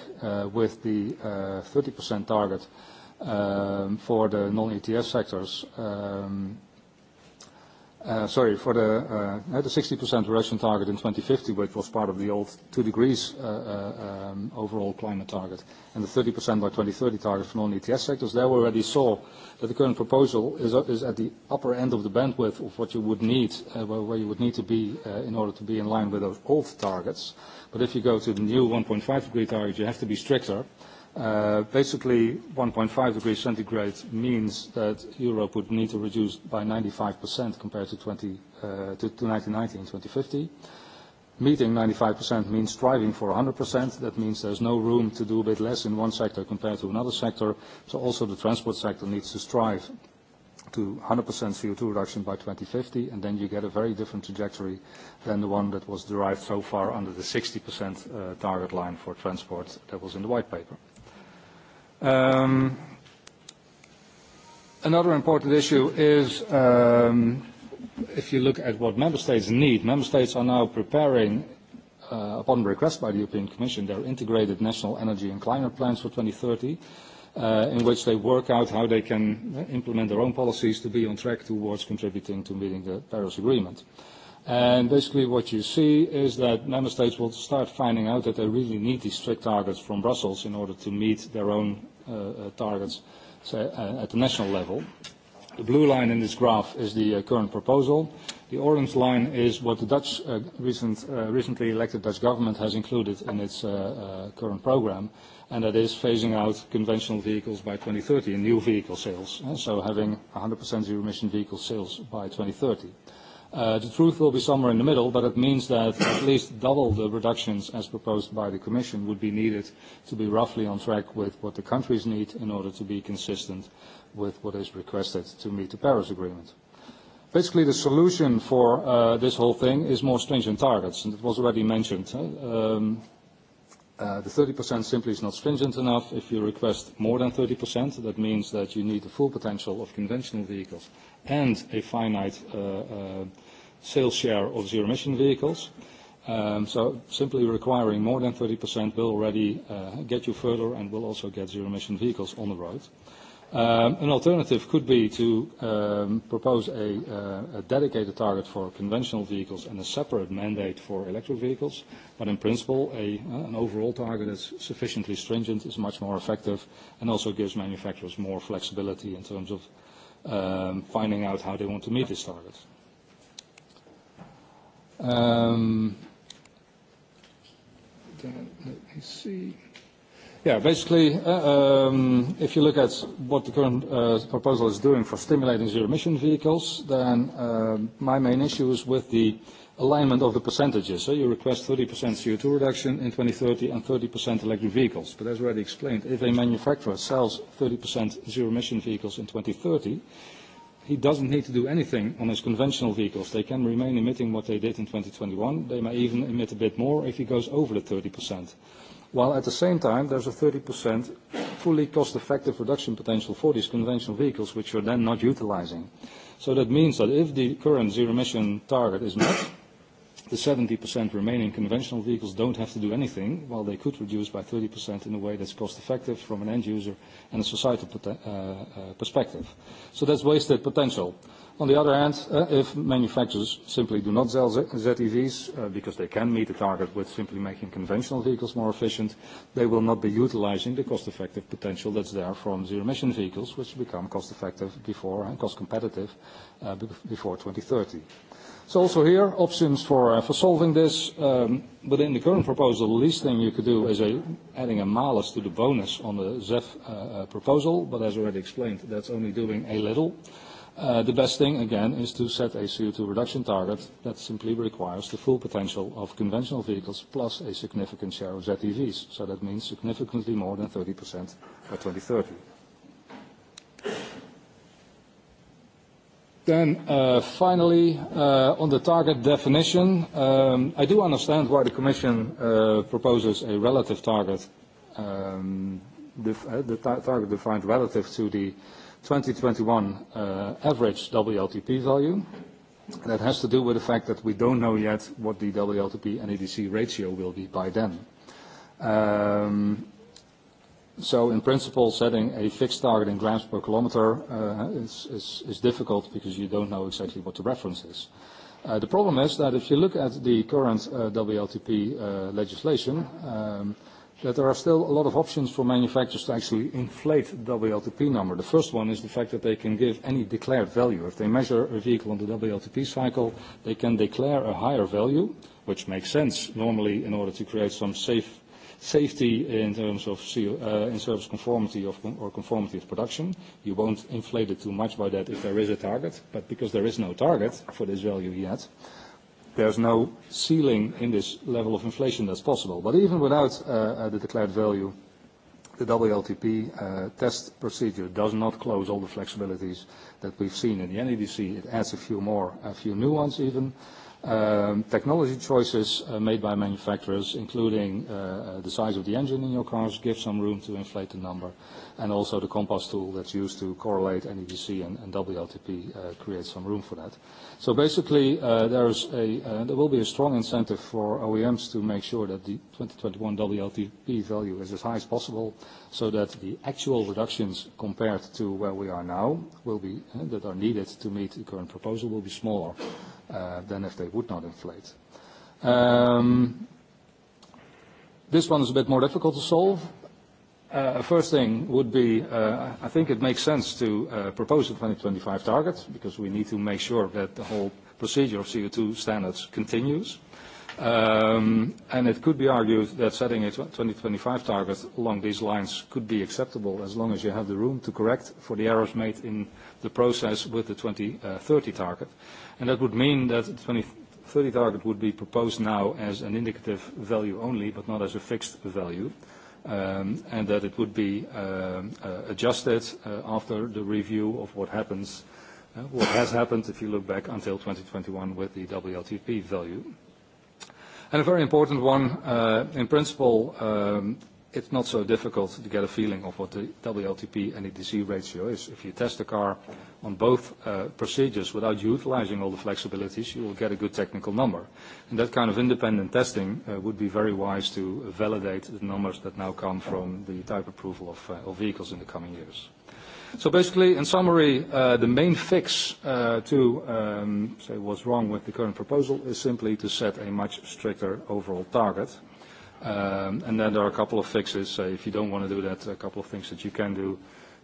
with the 30% target for the non ets sectors sorry, for the 60% reduction target in 2050, which was part of the old 2 degrees overall climate target, and the 30% by 2030 target for non-ETS sectors, there we already saw that the current proposal is at the upper end of the bandwidth of what you would need, where you would need to be in order to be in line with those old targets. But if you go to the new 1.5 degree target, you have to be stricter Basically, 1.5 degrees centigrade means that Europe would need to reduce by 95% compared to 1990 and 2050. Meeting 95% means striving for 100%. That means there's no room to do a bit less in one sector compared to another sector. So also the transport sector needs to strive to 100% CO2 reduction by 2050, and then you get a very different trajectory than the one that was derived so far under the 60% target line for transport that was in the white paper. Another important issue is if you look at what member states need, member states are now preparing, upon request by the European Commission, their integrated national energy and climate plans for 2030, in which they work out how they can implement their own policies to be on track towards contributing to meeting the Paris Agreement. And basically what you see is that member states will start finding out that they really need these strict targets from Brussels in order to meet their own targets at the national level. The blue line in this graph is the current proposal. The orange line is what the Dutch recently elected Dutch government has included in its current program, and that is phasing out conventional vehicles by 2030 and new vehicle sales, so having 100% zero-emission vehicle sales by 2030. The truth will be somewhere in the middle, but it means that at least double the reductions as proposed by the Commission would be needed to be roughly on track with what the countries need in order to be consistent with what is requested to meet the Paris Agreement. Basically, the solution for this whole thing is more stringent targets, and it was already mentioned. The 30% simply is not stringent enough. If you request more than 30%, that means that you need the full potential of conventional vehicles and a finite sales share of zero-emission vehicles. So simply requiring more than 30% will already get you further and will also get zero-emission vehicles on the road. An alternative could be to propose a dedicated target for conventional vehicles and a separate mandate for electric vehicles, but in principle an overall target that's sufficiently stringent is much more effective and also gives manufacturers more flexibility in terms of finding out how they want to meet this target. let me see. Yeah, basically, if you look at what the current proposal is doing for stimulating zero-emission vehicles, then my main issue is with the alignment of the percentages. So You request 30% CO2 reduction in 2030 and 30% electric vehicles. But as already explained, if a manufacturer sells 30% zero-emission vehicles in 2030, he doesn't need to do anything on his conventional vehicles. They can remain emitting what they did in 2021. They may even emit a bit more if he goes over the 30%. While at the same time, there's a 30% fully cost-effective reduction potential for these conventional vehicles, which you're then not utilizing. So that means that if the current zero-emission target is met, the 70% remaining conventional vehicles don't have to do anything, while they could reduce by 30% in a way that's cost-effective from an end user and a societal perspective. So that's wasted potential. On the other hand, if manufacturers simply do not sell ZEVs because they can meet the target with simply making conventional vehicles more efficient, they will not be utilizing the cost-effective potential that's there from zero-emission vehicles, which become cost-effective before and cost-competitive before 2030. So also here, options for solving this. Within the current proposal, the least thing you could do is adding a malus to the bonus on the ZEV proposal, but as already explained, that's only doing a little. The best thing, again, is to set a CO2 reduction target that simply requires the full potential of conventional vehicles plus a significant share of ZEVs. So that means significantly more than 30% by 2030. Then finally, on the target definition, I do understand why the Commission proposes a relative target, the target defined relative to the 2021 average WLTP value. That has to do with the fact that we don't know yet what the WLTP and EDC ratio will be by then. So in principle, setting a fixed target in grams per kilometer is difficult because you don't know exactly what the reference is. The problem is that if you look at the current WLTP legislation, that there are still a lot of options for manufacturers to actually inflate the WLTP number. The first one is the fact that they can give any declared value. If they measure a vehicle on the WLTP cycle, they can declare a higher value, which makes sense normally in order to create some safety in terms of in-service conformity or conformity of production. You won't inflate it too much by that if there is a target, but because there is no target for this value yet, there's no ceiling in this level of inflation that's possible. But even without the declared value, the WLTP test procedure does not close all the flexibilities that we've seen in the NEDC. It adds a few more, a few new ones even, Technology choices made by manufacturers, including the size of the engine in your cars, give some room to inflate the number, and also the compost tool that's used to correlate NEDC and WLTP creates some room for that. So basically, there will be a strong incentive for OEMs to make sure that the 2021 WLTP value is as high as possible, so that the actual reductions compared to where we are now will be that are needed to meet the current proposal will be smaller than if they would not inflate. This one is a bit more difficult to solve. First thing would be, I think it makes sense to propose a 2025 target because we need to make sure that the whole procedure of CO2 standards continues. And it could be argued that setting a 2025 target along these lines could be acceptable as long as you have the room to correct for the errors made in the process with the 2030 target. And that would mean that the 2030 target would be proposed now as an indicative value only, but not as a fixed value, and that it would be adjusted after the review of what happens, what has happened if you look back until 2021 with the WLTP value. And a very important one, in principle, it's not so difficult to get a feeling of what the WLTP and DC ratio is. If you test the car on both procedures without utilizing all the flexibilities, you will get a good technical number. And that kind of independent testing would be very wise to validate the numbers that now come from the type approval of vehicles in the coming years. So basically, in summary, the main fix to say what's wrong with the current proposal is simply to set a much stricter overall target And then there are a couple of fixes. If you don't want to do that, a couple of things that you can do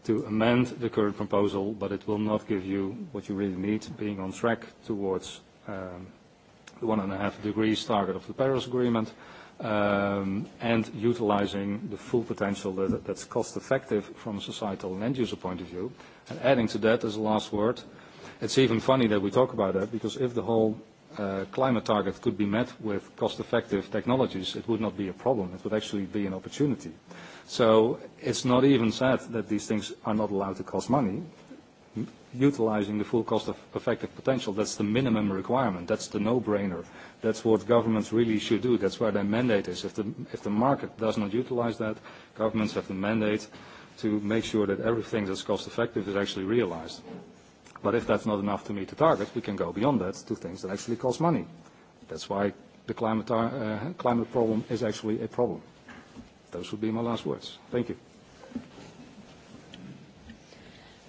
to amend the current proposal, but it will not give you what you really need, being on track towards the one and a half degrees target of the Paris Agreement, and utilizing the full potential that's cost-effective from a societal and end-user point of view. And adding to that, as a last word, it's even funny that we talk about that, because if the whole climate target could be met with cost-effective technologies, it would not be a problem. It would actually be an opportunity. So it's not even said that these things are not allowed to cost money. Utilizing the full cost-effective potential, that's the minimum requirement. That's the no-brainer. That's what governments really should do. That's where their mandate is. If the market does not utilize that, governments have the mandate to make sure that everything that's cost-effective is actually realized. But if that's not enough to meet the target, we can go beyond that to things that actually cost money. That's why the climate problem is actually a problem. Those would be my last words. Thank you.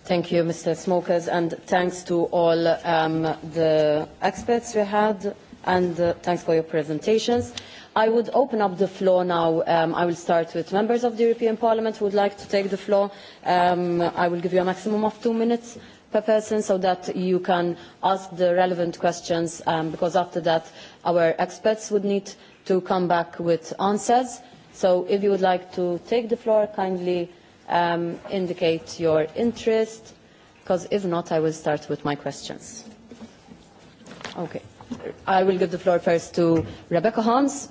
Thank you, Mr. Smokers, and thanks to all the experts we had, and thanks for your presentations. I would open up the floor now. I will start with members of the European Parliament who would like to take the floor. I will give you a maximum of two minutes per person so that you can ask the relevant questions because after that our experts would need to come back with answers. So if you would like to take the floor, kindly indicate your interest because if not, I will start with my questions. Okay. I will give the floor first to Rebecca Harms.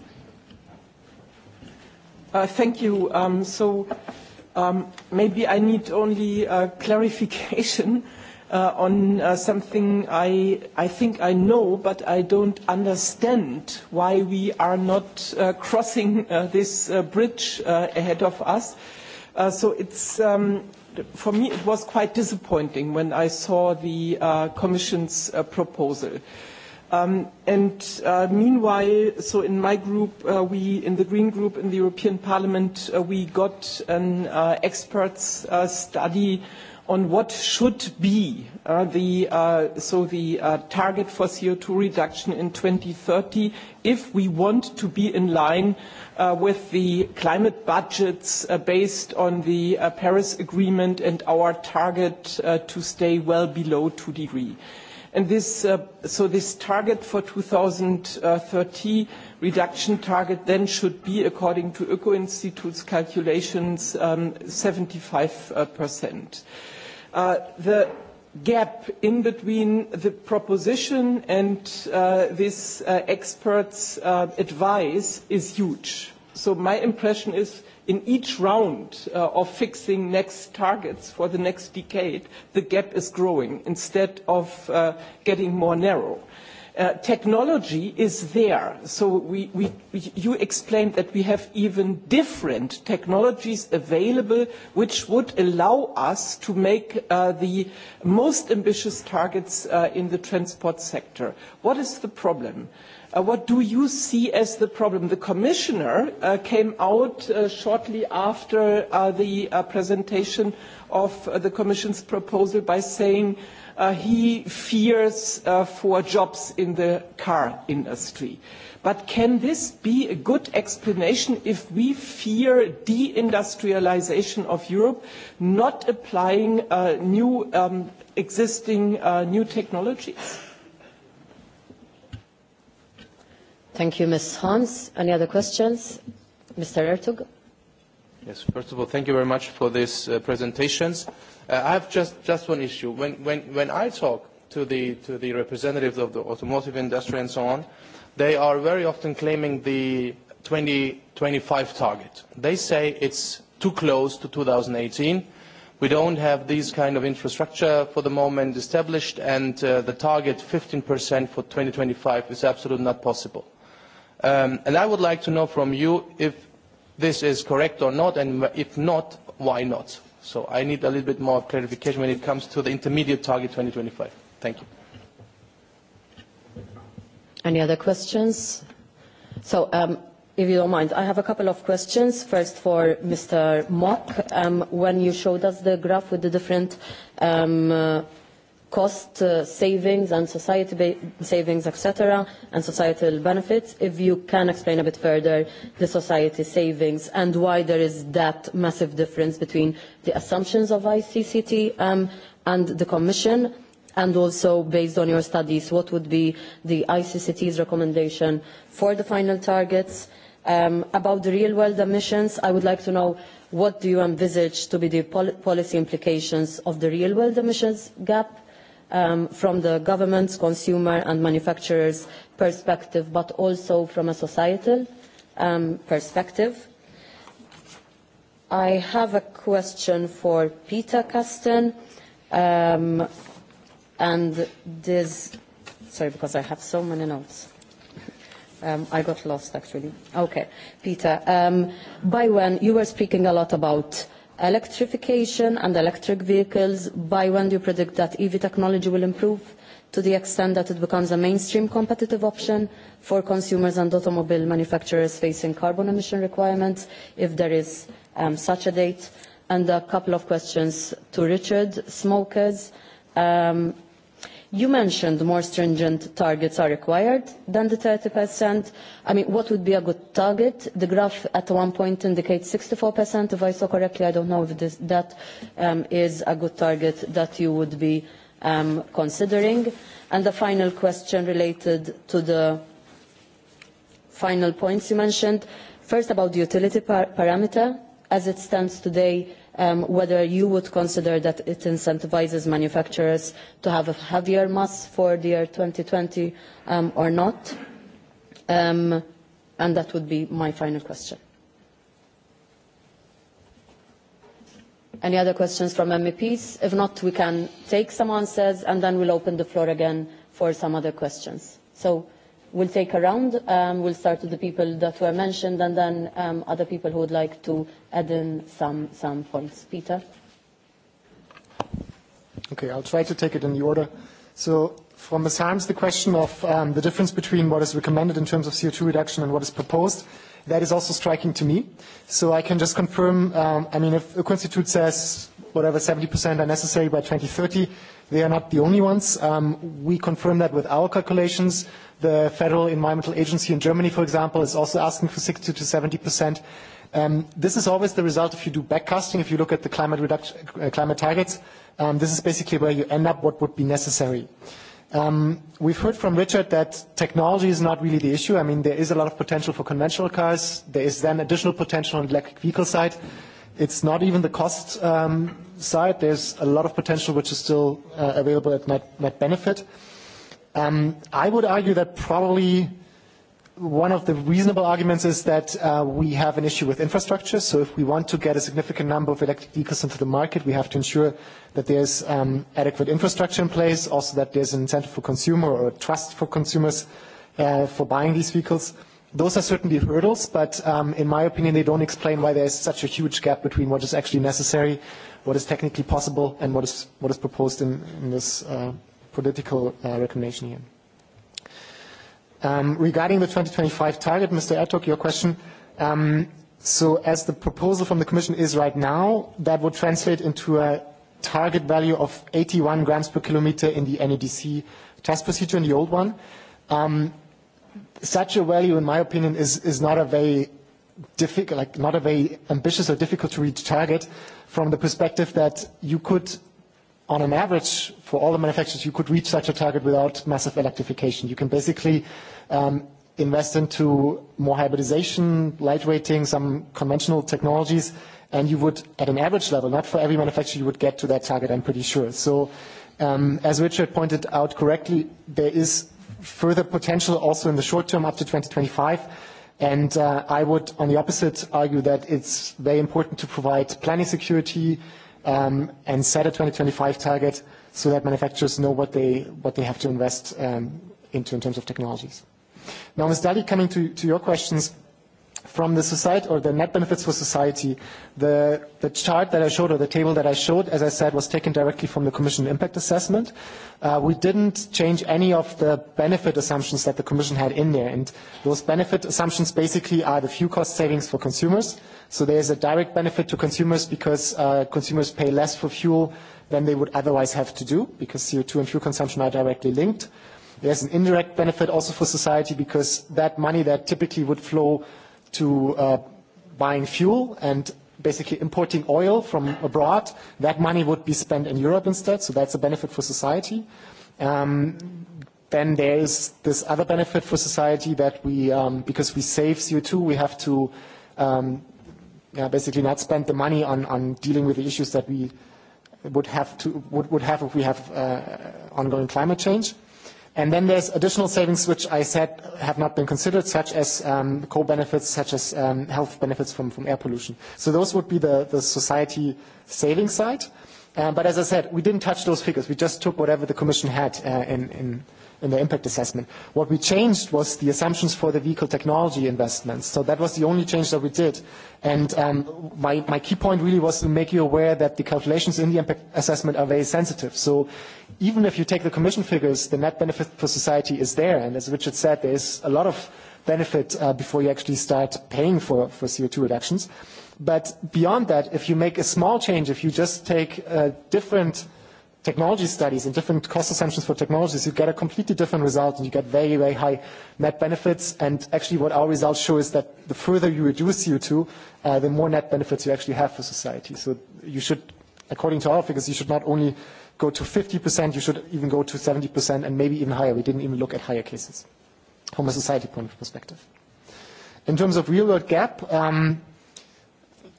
Thank you. So maybe I need only clarification on something I I think I know, but I don't understand why we are not crossing this bridge ahead of us. So it's for me it was quite disappointing when I saw the Commission's proposal. And meanwhile, so in my group, we in the Green Group in the European Parliament, we got an experts study on what should be the target for CO2 reduction in 2030 if we want to be in line with the climate budgets based on the Paris Agreement and our target to stay well below 2 degree this, so this target for 2030 reduction target then should be, according to ECO Institute's calculations, 75%. The gap in between the proposition and this expert's advice is huge. So my impression is in each round of fixing next targets for the next decade, the gap is growing instead of getting more narrow. Technology is there. So you explained that we have even different technologies available which would allow us to make the most ambitious targets in the transport sector. What is the problem? What do you see as the problem? The Commissioner came out shortly after the presentation of the Commission's proposal by saying he fears for jobs in the car industry. But can this be a good explanation if we fear deindustrialization of Europe, not applying new existing new technologies? Thank you, Ms. Hans. Any other questions? Mr. Ertug? Yes, first of all, thank you very much for these presentations. I have just, just one issue. When, when, when I talk to the, to the representatives of the automotive industry and so on, they are very often claiming the 2025 target. They say it's too close to 2018. We don't have these kind of infrastructure for the moment established, and the target 15% for 2025 is absolutely not possible. And I would like to know from you if this is correct or not, and if not, why not? So I need a little bit more clarification when it comes to the intermediate target 2025. Thank you. Any other questions? So if you don't mind, I have a couple of questions. First for Mr. Mock. When you showed us the graph with the different cost savings and society savings, etc., and societal benefits, if you can explain a bit further the society savings and why there is that massive difference between the assumptions of ICCT and the Commission, and also based on your studies, what would be the ICCT's recommendation for the final targets. About the real-world emissions, I would like to know what do you envisage to be the policy implications of the real-world emissions gap from the government's, consumer and manufacturers' perspective, but also from a societal perspective. I have a question for Peter Kasten, and this, sorry, because I have so many notes. I got lost, actually. Okay, Peter, by when you were speaking a lot about electrification and electric vehicles, by when do you predict that EV technology will improve to the extent that it becomes a mainstream competitive option for consumers and automobile manufacturers facing carbon emission requirements, if there is such a date? And a couple of questions to Richard. Smokers You mentioned more stringent targets are required than the 30%. I mean, what would be a good target? The graph at one point indicates 64%, if I saw correctly. I don't know if that is a good target that you would be considering. And the final question related to the final points you mentioned. First, about the utility parameter. As it stands today, whether you would consider that it incentivizes manufacturers to have a heavier mass for the year 2020 or not. And that would be my final question. Any other questions from MEPs? If not, we can take some answers and then we'll open the floor again for some other questions. So We'll take a round. we'll start with the people that were mentioned and then other people who would like to add in some, some points. Peter? Okay, I'll try to take it in the order. So from Ms. Harms, the question of the difference between what is recommended in terms of CO2 reduction and what is proposed. That is also striking to me. So I can just confirm, I mean, if the Institute says whatever 70% are necessary by 2030, they are not the only ones. We confirm that with our calculations. The Federal Environmental Agency in Germany, for example, is also asking for 60 to 70%. This is always the result if you do backcasting, if you look at the climate targets. This is basically where you end up what would be necessary. We've heard from Richard that technology is not really the issue. I mean, there is a lot of potential for conventional cars. There is then additional potential on the electric vehicle side. It's not even the cost side. There's a lot of potential which is still available at net benefit. I would argue that probably One of the reasonable arguments is that we have an issue with infrastructure. So if we want to get a significant number of electric vehicles into the market, we have to ensure that there's adequate infrastructure in place, also that there's an incentive for consumer or trust for consumers for buying these vehicles. Those are certainly hurdles, but in my opinion, they don't explain why there is such a huge gap between what is actually necessary, what is technically possible, and what is proposed in this political recommendation here. Regarding the 2025 target, Mr. Ertug, your question. So as the proposal from the Commission is right now, that would translate into a target value of 81 grams per kilometer in the NEDC test procedure, in the old one. Such a value, in my opinion, is not a very difficult, like not a very ambitious or difficult to reach target from the perspective that you could, on an average, for all the manufacturers, you could reach such a target without massive electrification. You can basically invest into more hybridization, lightweighting, some conventional technologies, and you would, at an average level, not for every manufacturer, you would get to that target, I'm pretty sure. So as Richard pointed out correctly, there is further potential also in the short term up to 2025. And I would, on the opposite, argue that it's very important to provide planning security and set a 2025 target so that manufacturers know what they have to invest into in terms of technologies. Now, Ms. coming to your questions, from the society or the net benefits for society, the the chart that I showed or the table that I showed, as I said, was taken directly from the Commission impact assessment. We didn't change any of the benefit assumptions that the Commission had in there, and those benefit assumptions basically are the few cost savings for consumers. So there is a direct benefit to consumers because consumers pay less for fuel than they would otherwise have to do, because CO2 and fuel consumption are directly linked. There's an indirect benefit also for society because that money that typically would flow to buying fuel and basically importing oil from abroad, that money would be spent in Europe instead, so that's a benefit for society. Then there is this other benefit for society that we, because we save CO2, we have to basically not spend the money on dealing with the issues that we would have to would have if we have ongoing climate change. And then there's additional savings which I said have not been considered, such as co-benefits, such as health benefits from air pollution. So those would be the society saving side. But as I said, we didn't touch those figures. We just took whatever the Commission had in in the impact assessment. What we changed was the assumptions for the vehicle technology investments. So that was the only change that we did. And my key point really was to make you aware that the calculations in the impact assessment are very sensitive. So even if you take the Commission figures, the net benefit for society is there. And as Richard said, there is a lot of benefit before you actually start paying for CO2 reductions. But beyond that, if you make a small change, if you just take a different technology studies and different cost assumptions for technologies, you get a completely different result and you get very, very high net benefits. And actually what our results show is that the further you reduce CO2, the more net benefits you actually have for society. So you should, according to our figures, you should not only go to 50%, you should even go to 70% and maybe even higher. We didn't even look at higher cases from a society point of perspective. In terms of real-world gap,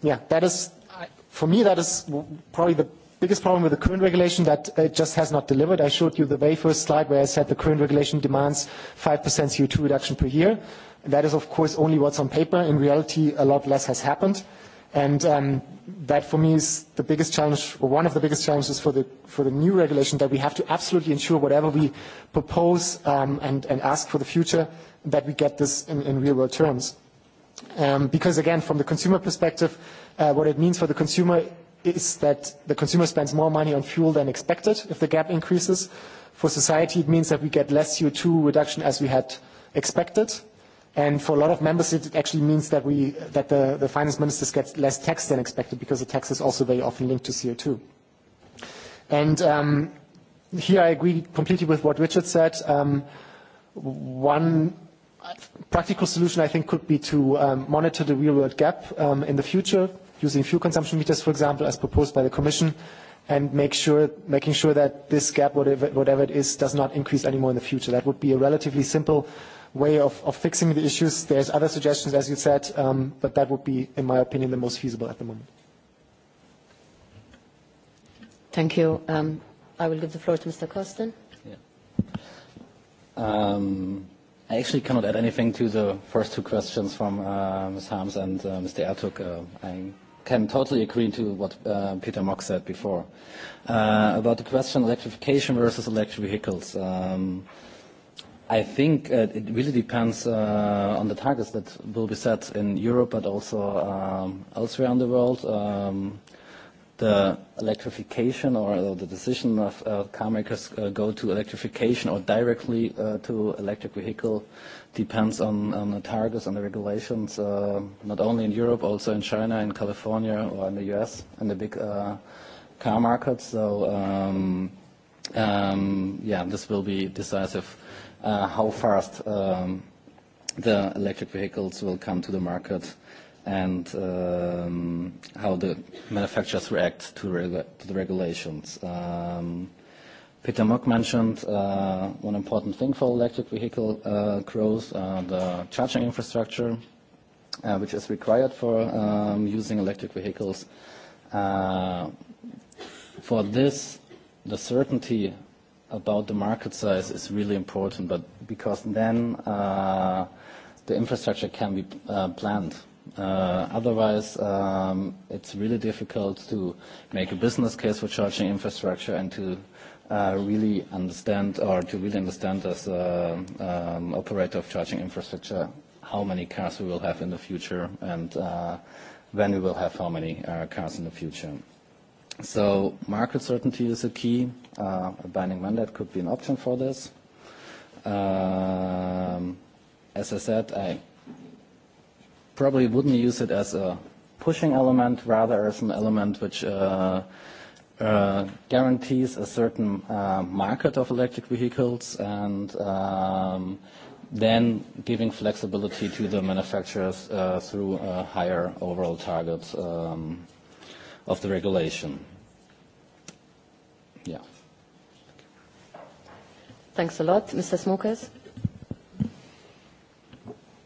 yeah, that is, for me, that is probably the biggest problem with the current regulation that it just has not delivered. I showed you the very first slide where I said the current regulation demands 5% CO2 reduction per year. That is, of course, only what's on paper. In reality, a lot less has happened. And that, for me, is the biggest challenge, or one of the biggest challenges for the new regulation, that we have to absolutely ensure whatever we propose and ask for the future, that we get this in real-world terms. Because, again, from the consumer perspective, what it means for the consumer is that the consumer spends more money on fuel than expected if the gap increases. For society, it means that we get less CO2 reduction as we had expected. And for a lot of members, it actually means that we that the, finance ministers get less tax than expected because the tax is also very often linked to CO2. And here I agree completely with what Richard said. one practical solution I think could be to monitor the real world gap in the future using fuel consumption meters, for example, as proposed by the Commission, and make making sure that this gap, whatever it is, does not increase anymore in the future. That would be a relatively simple way of fixing the issues. There's other suggestions, as you said, but that would be, in my opinion, the most feasible at the moment. Thank you. I will give the floor to Mr. Kosten. I actually cannot add anything to the first two questions from Ms. Harms and Mr. Ertug can totally agree to what Peter Mock said before about the question electrification versus electric vehicles. I think it really depends on the targets that will be set in Europe, but also elsewhere in the world the electrification or the decision of car makers go to electrification or directly to electric vehicle depends on the targets and the regulations, not only in Europe, also in China, in California, or in the U.S., in the big car markets. So, yeah, this will be decisive how fast the electric vehicles will come to the market and how the manufacturers react to the regulations. Peter Mock mentioned one important thing for electric vehicle growth, the charging infrastructure, which is required for using electric vehicles. For this, the certainty about the market size is really important, but because then the infrastructure can be planned Otherwise, it's really difficult to make a business case for charging infrastructure and to really understand or to really understand as an operator of charging infrastructure how many cars we will have in the future and when we will have how many cars in the future. So market certainty is a key. A binding mandate could be an option for this. As I said, I probably wouldn't use it as a pushing element, rather as an element which guarantees a certain market of electric vehicles and then giving flexibility to the manufacturers through higher overall targets of the regulation. Yeah. Thanks a lot. Mr. Smokers.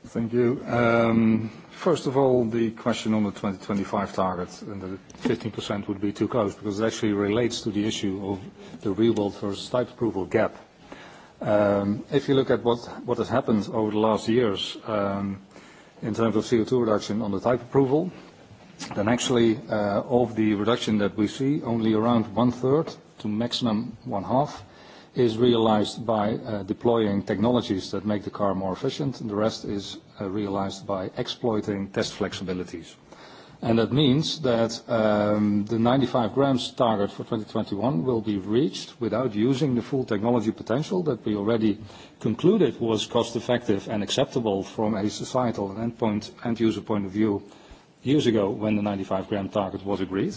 Thank you. Um, First of all, the question on the 2025 target and the 15% would be too close because it actually relates to the issue of the real-world versus type approval gap. If you look at what has happened over the last years in terms of CO2 reduction on the type approval, then actually of the reduction that we see, only around one-third to maximum one-half is realized by deploying technologies that make the car more efficient, and the rest is realized by exploiting test flexibilities. And that means that the 95 grams target for 2021 will be reached without using the full technology potential that we already concluded was cost-effective and acceptable from a societal and end-user point of view years ago when the 95 gram target was agreed.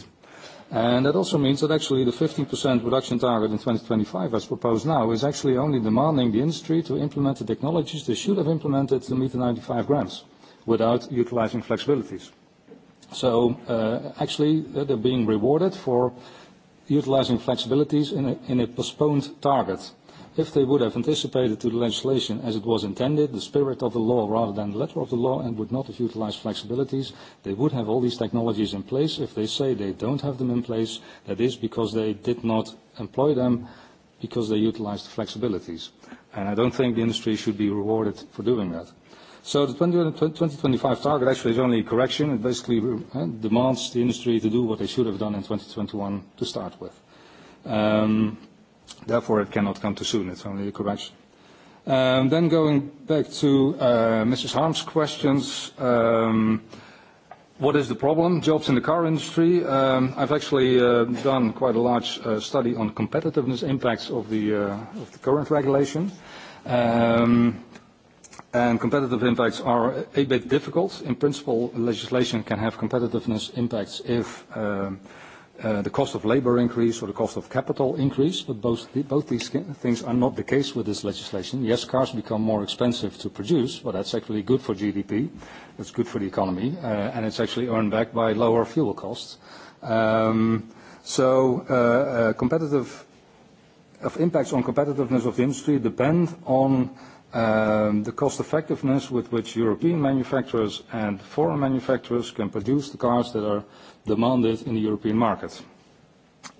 And that also means that actually the 15% reduction target in 2025 as proposed now is actually only demanding the industry to implement the technologies they should have implemented to meet the 95 grams without utilizing flexibilities. So actually they are being rewarded for utilizing flexibilities in a postponed target If they would have anticipated to the legislation as it was intended, the spirit of the law rather than the letter of the law, and would not have utilized flexibilities, they would have all these technologies in place. If they say they don't have them in place, that is because they did not employ them, because they utilized flexibilities. And I don't think the industry should be rewarded for doing that. So the 2025 target actually is only a correction. It basically demands the industry to do what they should have done in 2021 to start with. Therefore, it cannot come too soon. It's only a correction. Then going back to Mrs. Harm's questions, what is the problem? Jobs in the car industry. I've actually done quite a large study on competitiveness impacts of the current regulation. And competitive impacts are a bit difficult. In principle, legislation can have competitiveness impacts if the cost of labor increase or the cost of capital increase, but both these things are not the case with this legislation. Yes, cars become more expensive to produce, but that's actually good for GDP, that's good for the economy, and it's actually earned back by lower fuel costs. So competitive impacts on competitiveness of the industry depend on the cost effectiveness with which European manufacturers and foreign manufacturers can produce the cars that are demanded in the European market.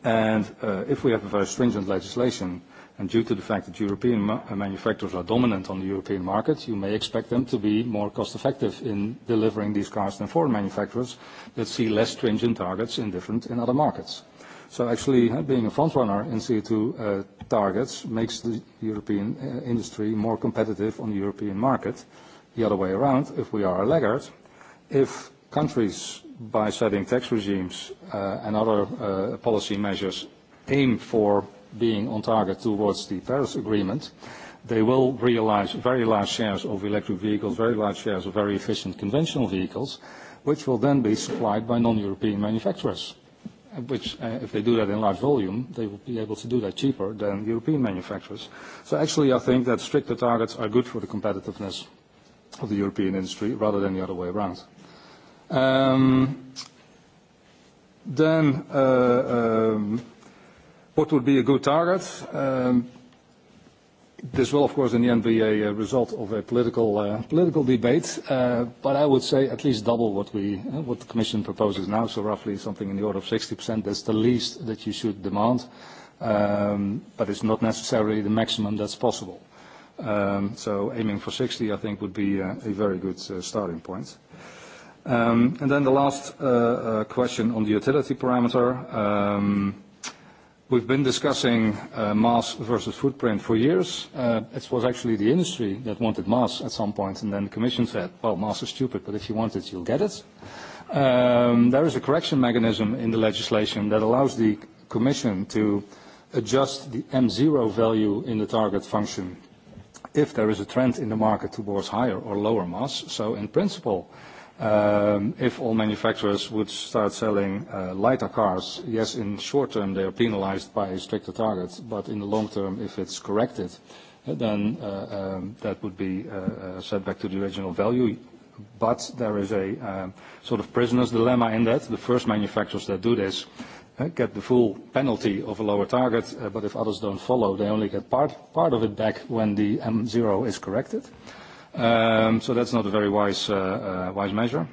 And if we have a very stringent legislation, and due to the fact that European manufacturers are dominant on the European market, you may expect them to be more cost-effective in delivering these cars than foreign manufacturers that see less stringent targets in different in other markets. So actually, being a frontrunner in CO2 targets makes the European industry more competitive on the European market. The other way around, if we are a laggard, if countries by setting tax regimes and other policy measures, aim for being on target towards the Paris Agreement, they will realize very large shares of electric vehicles, very large shares of very efficient conventional vehicles, which will then be supplied by non-European manufacturers, which, if they do that in large volume, they will be able to do that cheaper than European manufacturers. So actually, I think that stricter targets are good for the competitiveness of the European industry rather than the other way around. Then what would be a good target? This will, of course, in the end be a result of a political political debate, but I would say at least double what we what the Commission proposes now, so roughly something in the order of 60%. That's the least that you should demand, but it's not necessarily the maximum that's possible. So aiming for 60, I think, would be a very good starting point. And then the last question on the utility parameter. We've been discussing mass versus footprint for years. It was actually the industry that wanted mass at some point, and then the Commission said, well, mass is stupid, but if you want it, you'll get it. There is a correction mechanism in the legislation that allows the Commission to adjust the M0 value in the target function if there is a trend in the market towards higher or lower mass. So in principle, If all manufacturers would start selling lighter cars, yes, in short term they are penalized by stricter targets, but in the long term, if it's corrected, then that would be set back to the original value. But there is a sort of prisoner's dilemma in that. The first manufacturers that do this get the full penalty of a lower target, but if others don't follow, they only get part of it back when the M0 is corrected. So that's not a very wise measure.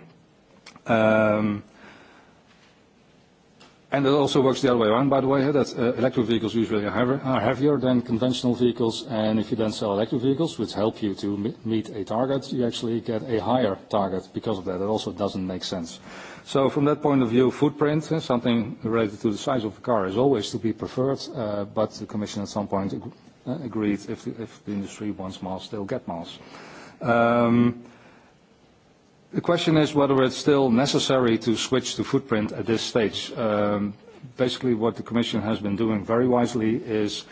And it also works the other way around, by the way, that electric vehicles usually are heavier than conventional vehicles, and if you then sell electric vehicles, which help you to meet a target, you actually get a higher target because of that. It also doesn't make sense. So from that point of view, footprint, something related to the size of the car, is always to be preferred, but the Commission at some point agreed if the industry wants mass, they'll get mass. The question is whether it's still necessary to switch to footprint at this stage. Basically, what the Commission has been doing very wisely is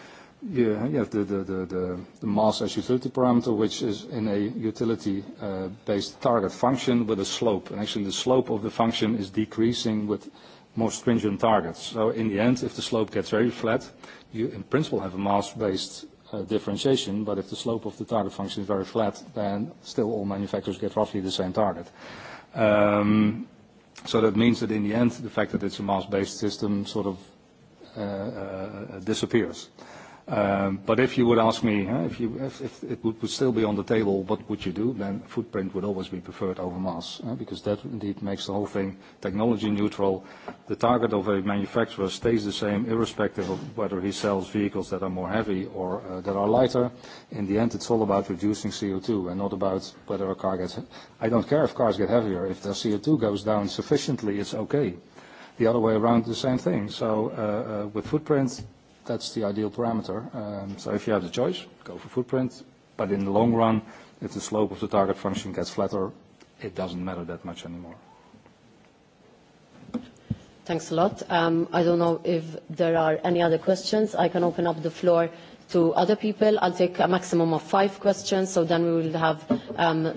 you have the mass as utility parameter, which is in a utility-based target function with a slope. And actually, the slope of the function is decreasing with more stringent targets. So in the end, if the slope gets very flat, you in principle have a mass-based differentiation, but if the slope of the target function is very flat, then still all manufacturers get roughly the same target. So that means that in the end, the fact that it's a mass-based system sort of disappears. But if you would ask me, if it would still be on the table, what would you do, then footprint would always be preferred over mass, because that indeed makes the whole thing technology neutral. The target of a manufacturer stays the same, irrespective of whether he sells vehicles that are more heavy or that are lighter. In the end, it's all about reducing CO2 and not about whether a car gets... I don't care if cars get heavier. If their CO2 goes down sufficiently, it's okay. The other way around, the same thing. So with footprint that's the ideal parameter. So if you have the choice, go for footprint. But in the long run, if the slope of the target function gets flatter, it doesn't matter that much anymore. Thanks a lot. I don't know if there are any other questions. I can open up the floor to other people. I'll take a maximum of five questions, so then we will have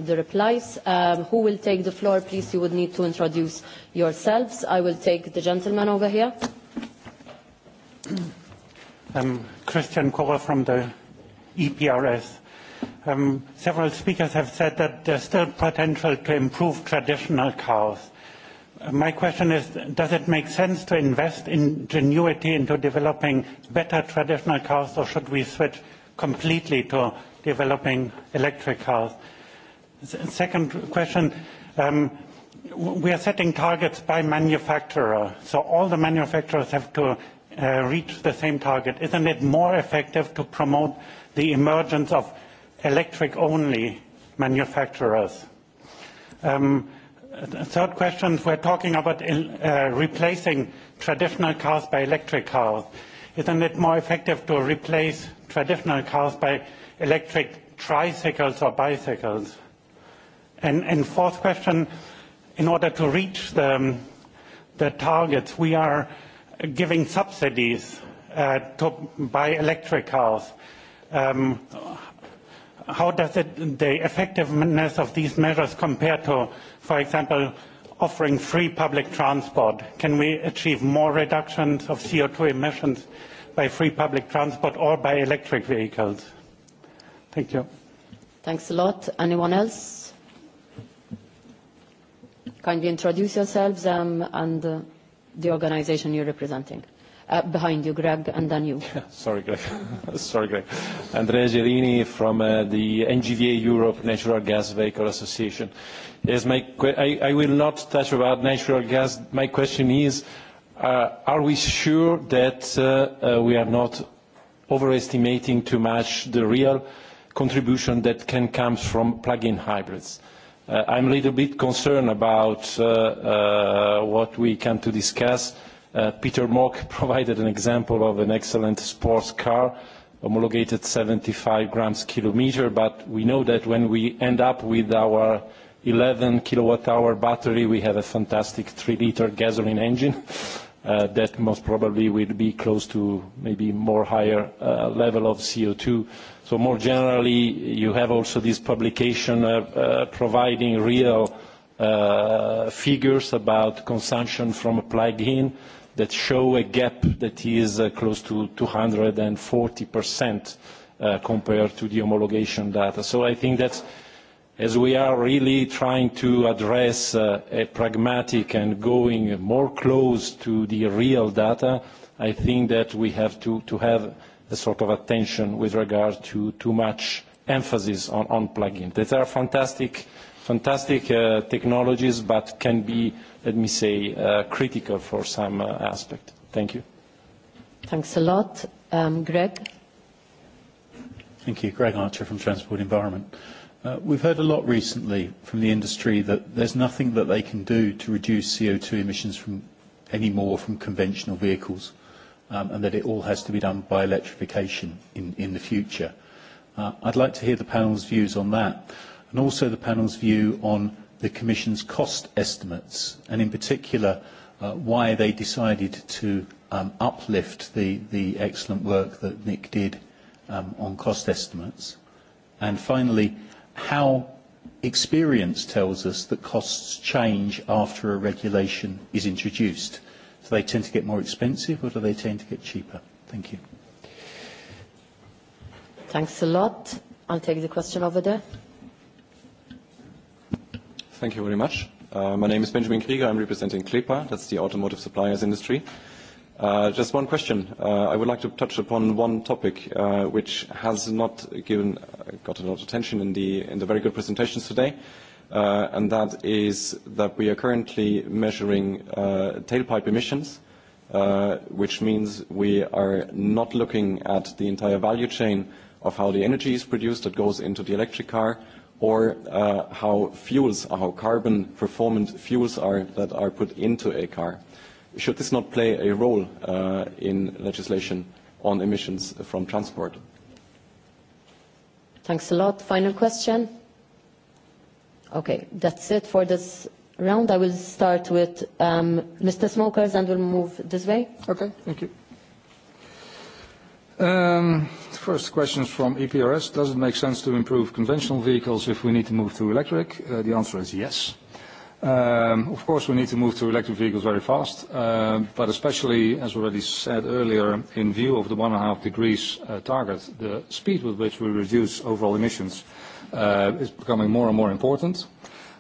the replies. Who will take the floor? Please, you would need to introduce yourselves. I will take the gentleman over here. Christian Korrer from the EPRS. Several speakers have said that there's still potential to improve traditional cars. My question is, does it make sense to invest ingenuity into developing better traditional cars, or should we switch completely to developing electric cars? Second question, we are setting targets by manufacturer, so all the manufacturers have to reach the same target? Isn't it more effective to promote the emergence of electric-only manufacturers? Third question, we're talking about replacing traditional cars by electric cars. Isn't it more effective to replace traditional cars by electric tricycles or bicycles? And fourth question, in order to reach the targets, we are giving subsidies to buy electric cars. How does the effectiveness of these measures compare to, for example, offering free public transport? Can we achieve more reductions of CO2 emissions by free public transport or by electric vehicles? Thank you. Thanks a lot. Anyone else? Kindly introduce yourselves and the organization you're representing. Behind you, Greg, and then you. Sorry, Greg. Sorry, Greg. Andrea Gerini from the NGVA Europe Natural Gas Vehicle Association. Yes, I will not touch about natural gas. My question is, are we sure that we are not overestimating too much the real contribution that can come from plug-in hybrids? I'm a little bit concerned about what we come to discuss. Peter Mock provided an example of an excellent sports car, homologated 75 grams kilometer, but we know that when we end up with our 11 kilowatt-hour battery, we have a fantastic 3-liter gasoline engine that most probably will be close to maybe more higher level of CO2 So more generally, you have also this publication providing real figures about consumption from a plug-in that show a gap that is close to 240% compared to the homologation data. So I think that as we are really trying to address a pragmatic and going more close to the real data, I think that we have to have a sort of attention with regard to too much emphasis on plug-in. These are fantastic fantastic technologies, but can be, let me say, critical for some aspect. Thank you. Thanks a lot. Greg? Thank you. Greg Archer from Transport Environment. We've heard a lot recently from the industry that there's nothing that they can do to reduce CO2 emissions from any more from conventional vehicles and that it all has to be done by electrification in the future. I'd like to hear the panel's views on that, and also the panel's view on the Commission's cost estimates, and in particular why they decided to uplift the excellent work that Nick did on cost estimates. And finally, how experience tells us that costs change after a regulation is introduced. Do they tend to get more expensive or do they tend to get cheaper? Thank you. Thanks a lot. I'll take the question over there. Thank you very much. My name is Benjamin Krieger. I'm representing CLEPA. That's the automotive suppliers industry. Just one question. I would like to touch upon one topic which has not given got a lot of attention in the in the very good presentations today and that is that we are currently measuring tailpipe emissions, which means we are not looking at the entire value chain of how the energy is produced that goes into the electric car or how fuels, how carbon-performant fuels are that are put into a car. Should this not play a role in legislation on emissions from transport? Thanks a lot. Final question? Okay, that's it for this round. I will start with Mr. Smokers and we'll move this way. Okay, thank you. First question from EPRS. Does it make sense to improve conventional vehicles if we need to move to electric? The answer is yes. Of course, we need to move to electric vehicles very fast, but especially, as already said earlier, in view of the 1.5 degrees target, the speed with which we reduce overall emissions is becoming more and more important.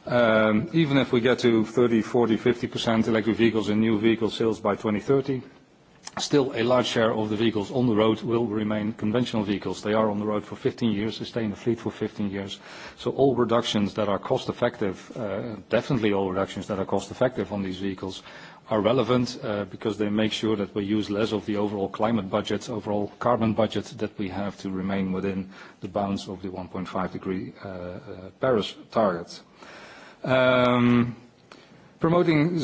Even if we get to 30, 40, 50% electric vehicles and new vehicle sales by 2030, still a large share of the vehicles on the road will remain conventional vehicles. They are on the road for 15 years, they stay in the fleet for 15 years. So all reductions that are cost effective, definitely all reductions that are cost effective on these vehicles are relevant because they make sure that we use less of the overall climate budget, overall carbon budget that we have to remain within the bounds of the 1.5 degree Paris target. Promoting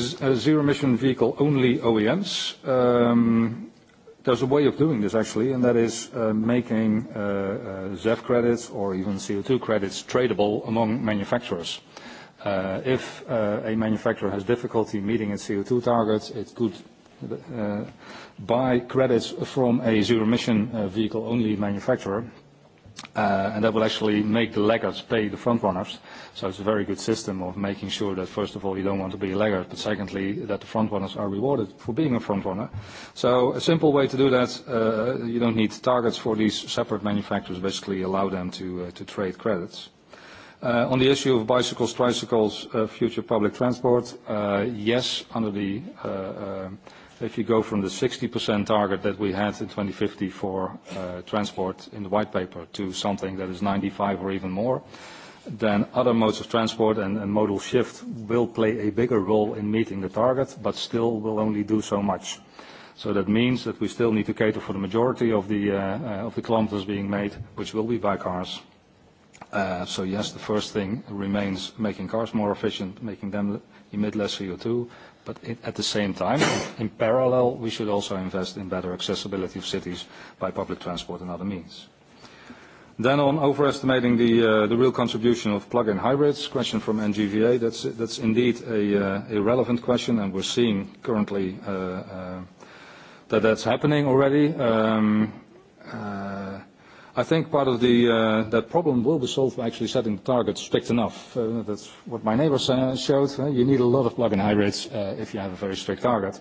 zero-emission vehicle-only OEMs, there's a way of doing this actually, and that is making ZEV credits or even CO2 credits tradable among manufacturers. If a manufacturer has difficulty meeting its CO2 targets, it could buy credits from a zero-emission vehicle-only manufacturer, and that will actually make the laggards pay the front runners. So it's a very good system of making sure that, first of all, you don't want to be a laggard, but secondly, that the front runners are rewarded for being a front runner. So a simple way to do that, you don't need targets for these separate manufacturers, basically allow them to trade credits. On the issue of bicycles, tricycles, future public transport, yes, under the if you go from the 60% target that we had in 2050 for transport in the white paper to something that is 95 or even more, then other modes of transport and modal shift will play a bigger role in meeting the target, but still will only do so much. So that means that we still need to cater for the majority of the kilometers being made, which will be by cars So yes, the first thing remains making cars more efficient, making them emit less CO2, but at the same time, in parallel, we should also invest in better accessibility of cities by public transport and other means. Then on overestimating the real contribution of plug-in hybrids, question from NGVA, that's indeed a relevant question, and we're seeing currently that that's happening already. I think part of the that problem will be solved by actually setting the targets strict enough. That's what my neighbor showed. You need a lot of plug-in hybrids if you have a very strict target.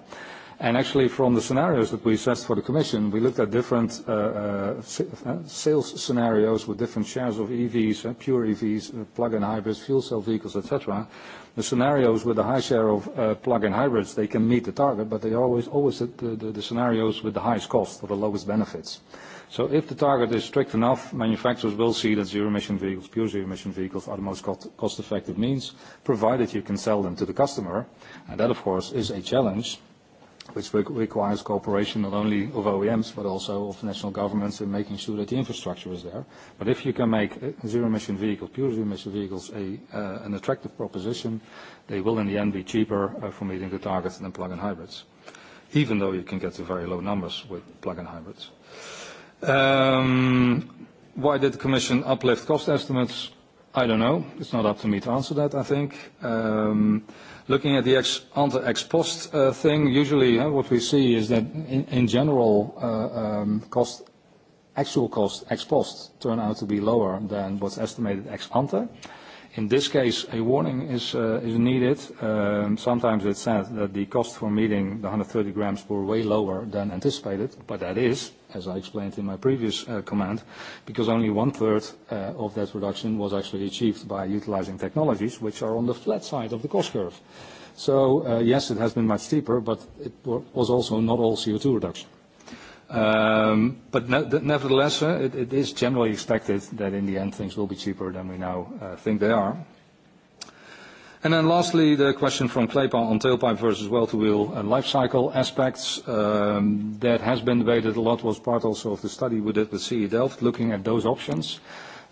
And actually, from the scenarios that we assessed for the Commission, we looked at different sales scenarios with different shares of EVs, pure EVs, plug-in hybrids, fuel cell vehicles, etc. The scenarios with a high share of plug-in hybrids, they can meet the target, but they are always the scenarios with the highest cost or the lowest benefits. So if the target is strict enough, manufacturers will see that zero-emission vehicles, pure zero-emission vehicles, are the most cost-effective means, provided you can sell them to the customer. And that, of course, is a challenge, which requires cooperation not only of OEMs, but also of national governments in making sure that the infrastructure is there. But if you can make zero-emission vehicles, pure zero-emission vehicles, an attractive proposition, they will, in the end, be cheaper for meeting the targets than plug-in hybrids, even though you can get to very low numbers with plug-in hybrids. Why did the Commission uplift cost estimates? I don't know. It's not up to me to answer that, I think. Looking at the ex-ante-ex post thing, usually what we see is that in general cost actual cost ex post turn out to be lower than what's estimated ex ante. In this case, a warning is needed. Sometimes it's said that the cost for meeting the 130 grams were way lower than anticipated, but that is, as I explained in my previous comment, because only one-third of that reduction was actually achieved by utilizing technologies which are on the flat side of the cost curve. So, yes, it has been much steeper, but it was also not all CO2 reduction. But nevertheless, it is generally expected that in the end things will be cheaper than we now think they are. And then lastly, the question from Kleipa on tailpipe versus well-to-wheel life cycle aspects. That has been debated a lot, was part also of the study we did with CE Delft, looking at those options.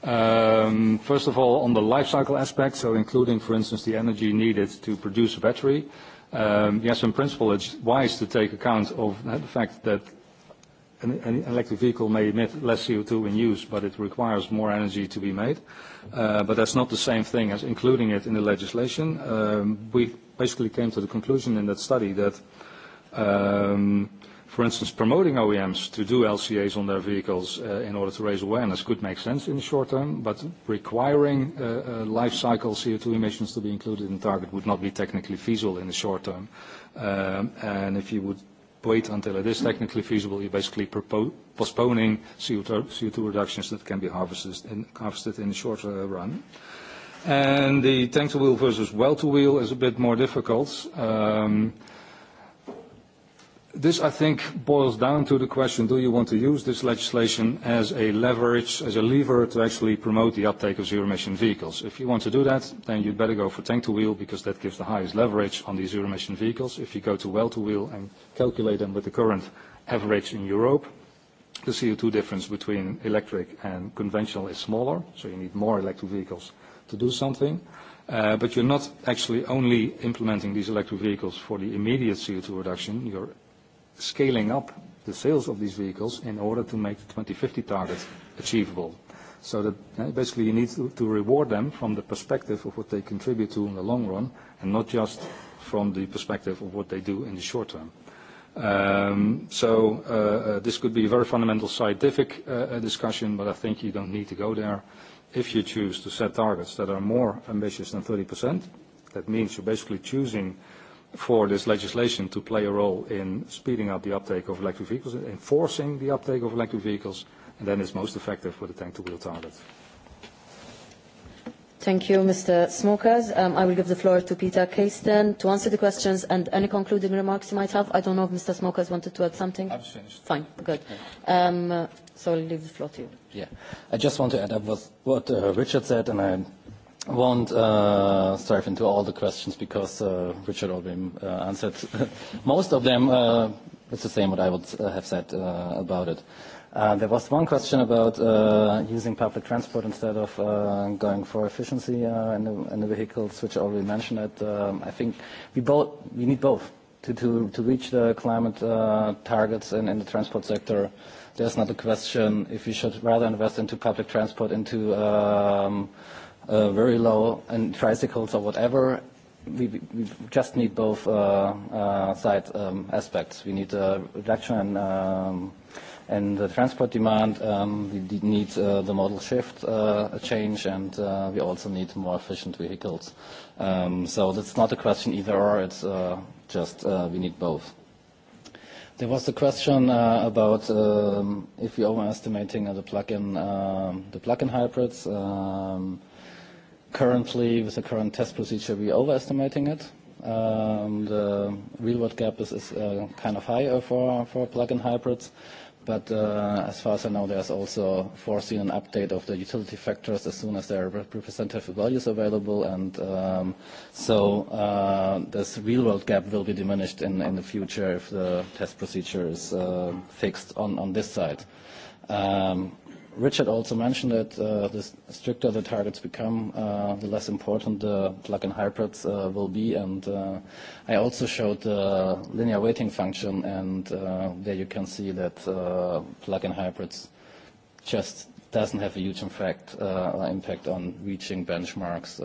First of all, on the life cycle aspect, so including, for instance, the energy needed to produce a battery. Yes, in principle, it's wise to take account of the fact that an electric vehicle may emit less CO2 in use, but it requires more energy to be made. But that's not the same thing as including it in the legislation. We basically came to the conclusion in that study that, for instance, promoting OEMs to do LCAs on their vehicles in order to raise awareness could make sense in the short term, but requiring life cycle CO2 emissions to be included in the target would not be technically feasible in the short term. And if you would wait until it is technically feasible, you're basically postponing CO2 reductions that can be harvested in the short run. And the tank-to-wheel versus well-to-wheel is a bit more difficult. This, I think, boils down to the question, do you want to use this legislation as a leverage, as a lever to actually promote the uptake of zero-emission vehicles? If you want to do that, then you'd better go for tank-to-wheel because that gives the highest leverage on these zero-emission vehicles. If you go to well-to-wheel and calculate them with the current average in Europe, the CO2 difference between electric and conventional is smaller, so you need more electric vehicles to do something. But you're not actually only implementing these electric vehicles for the immediate CO2 reduction. You're scaling up the sales of these vehicles in order to make the 2050 target achievable. So that basically you need to reward them from the perspective of what they contribute to in the long run and not just from the perspective of what they do in the short term. So this could be a very fundamental scientific discussion, but I think you don't need to go there. If you choose to set targets that are more ambitious than 30%, that means you're basically choosing for this legislation to play a role in speeding up the uptake of electric vehicles, enforcing the uptake of electric vehicles, and then it's most effective for the tank-to-wheel target. Thank you, Mr. Smokers. I will give the floor to Peter then to answer the questions and any concluding remarks you might have. I don't know if Mr. Smokers wanted to add something. I've finished. Fine, good. So I'll leave the floor to you. Yeah. I just want to add up what Richard said, and I won't uh, dive into all the questions because Richard already answered most of them. Uh, it's the same what I would have said about it. there was one question about using public transport instead of going for efficiency in, the, vehicles, which I already mentioned. It. I think we, both, we need both to, to, reach the climate targets in, the transport sector. There's not a question if we should rather invest into public transport, into very low and tricycles or whatever. We we just need both side aspects. We need a reduction and the transport demand. We need the model shift change, and we also need more efficient vehicles. So that's not a question either or. It's just we need both. There was a question about if we're overestimating the plug-in hybrids. Um Currently, with the current test procedure, we're overestimating it. The real-world gap is kind of high for plug-in hybrids. But as far as I know, there's also foreseen an update of the utility factors as soon as there are representative values available. And so this real-world gap will be diminished in the future if the test procedure is fixed on this side. Richard also mentioned that the stricter the targets become, the less important the plug-in hybrids will be. And I also showed the linear weighting function, and there you can see that plug-in hybrids just doesn't have a huge impact on reaching benchmarks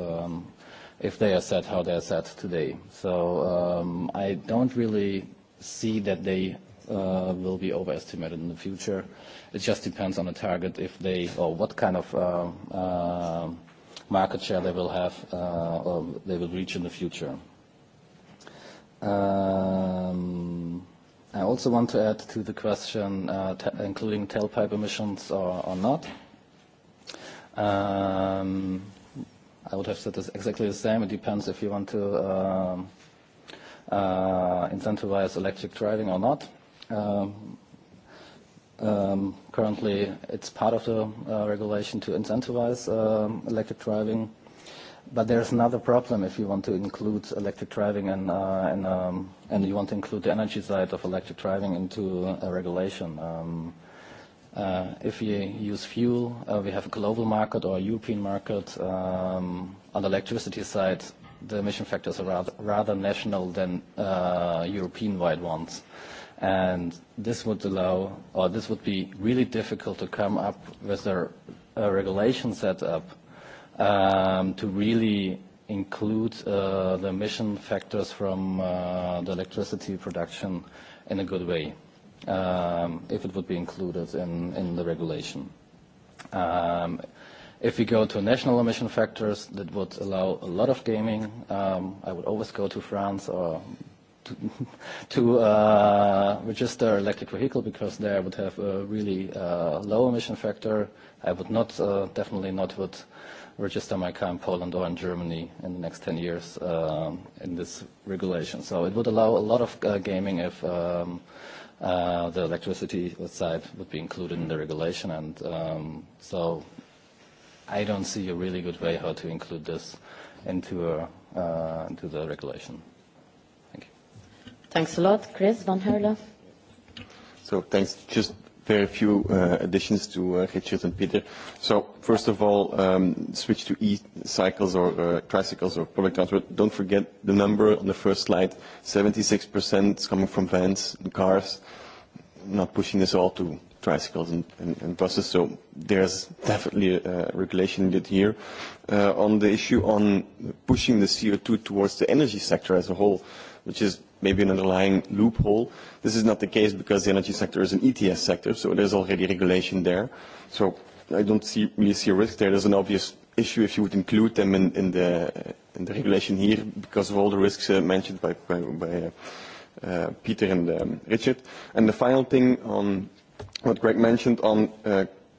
if they are set how they are set today. So I don't really see that they will be overestimated in the future. It just depends on the target if they or what kind of market share they will have or they will reach in the future. I also want to add to the question including tailpipe emissions or not. I would have said this exactly the same. It depends if you want to incentivize electric driving or not. Currently, it's part of the regulation to incentivize electric driving. But there's another problem if you want to include electric driving and and you want to include the energy side of electric driving into a regulation. If you use fuel, we have a global market or a European market. On the electricity side, the emission factors are rather national than European-wide ones and this would allow, or this would be really difficult to come up with a regulation set up to really include the emission factors from the electricity production in a good way, if it would be included in the regulation. If we go to national emission factors, that would allow a lot of gaming. I would always go to France or to register electric vehicle because there I would have a really low emission factor. I would not, definitely not would register my car in Poland or in Germany in the next 10 years in this regulation. So it would allow a lot of gaming if the electricity side would be included in the regulation. And so I don't see a really good way how to include this into the regulation. Thanks a lot. Chris Van Herle. So thanks. Just very few additions to Richard and Peter. So first of all, switch to e-cycles or tricycles or public transport. Don't forget the number on the first slide, 76% is coming from vans and cars, not pushing this all to tricycles and, and, and buses. So there's definitely a, regulation needed here. on the issue on pushing the CO2 towards the energy sector as a whole, which is maybe an underlying loophole. This is not the case because the energy sector is an ETS sector, so there's already regulation there. So I don't see, really see a risk there. There's an obvious issue if you would include them in, the, in the regulation here because of all the risks mentioned by, by, by Peter and Richard. And the final thing on what Greg mentioned on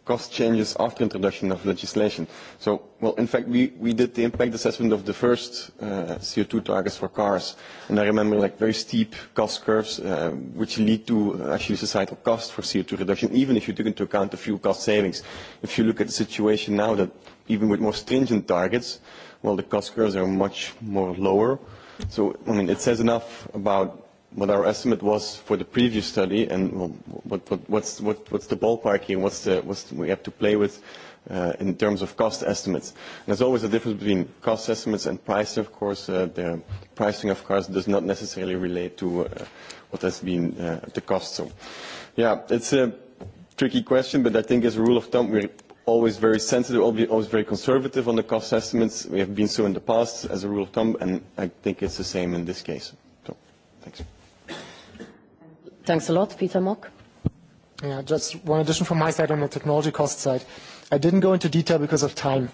cost changes after introduction of legislation. So, well, in fact, we, we did the impact assessment of the first CO2 targets for cars, and I remember like very steep cost curves, which lead to actually societal cost for CO2 reduction, even if you took into account the fuel cost savings. If you look at the situation now, that even with more stringent targets, well, the cost curves are much more lower. So, I mean, it says enough about what our estimate was for the previous study and what what what's what what's the ballpark here what's the what's we have to play with in terms of cost estimates. There's always a difference between cost estimates and price, of course. The pricing, of course, does not necessarily relate to what has been the cost. So, yeah, it's a tricky question, but I think as a rule of thumb, we're always very sensitive, always very conservative on the cost estimates. We have been so in the past as a rule of thumb, and I think it's the same in this case. thanks. Thanks a lot. Peter Mock. Yeah, just one addition from my side on the technology cost side. I didn't go into detail because of time,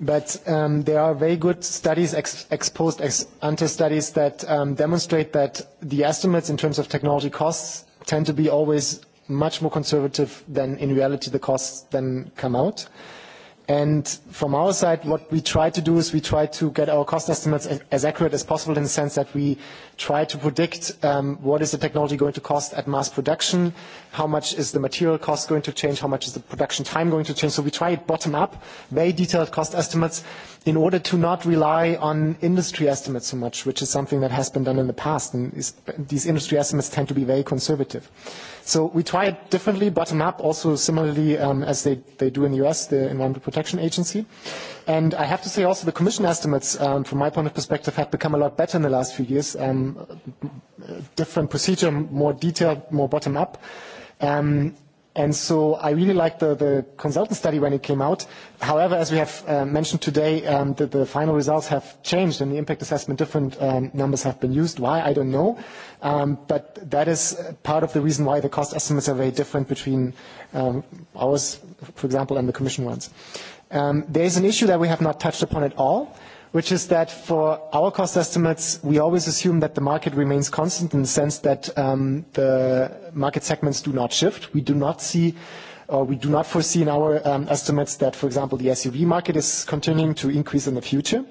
but there are very good studies, ex post, ante studies that demonstrate that the estimates in terms of technology costs tend to be always much more conservative than in reality the costs then come out from our side, what we try to do is we try to get our cost estimates as accurate as possible in the sense that we try to predict what is the technology going to cost at mass production, how much is the material cost going to change, how much is the production time going to change. So we try it bottom up, very detailed cost estimates, in order to not rely on industry estimates so much, which is something that has been done in the past. And these industry estimates tend to be very conservative. So we try it differently, bottom up, also similarly as they do in the US, the Environmental Protection Agency. And I have to say also the Commission estimates, from my point of perspective, have become a lot better in the last few years. Different procedure, more detailed, more bottom up. And so I really liked the, the consultant study when it came out. However, as we have mentioned today, the, the final results have changed and the impact assessment, different numbers have been used. Why, I don't know. but that is part of the reason why the cost estimates are very different between ours, for example, and the Commission ones. there is an issue that we have not touched upon at all which is that for our cost estimates, we always assume that the market remains constant in the sense that the market segments do not shift. We do not see or we do not foresee in our estimates that, for example, the SUV market is continuing to increase in the future.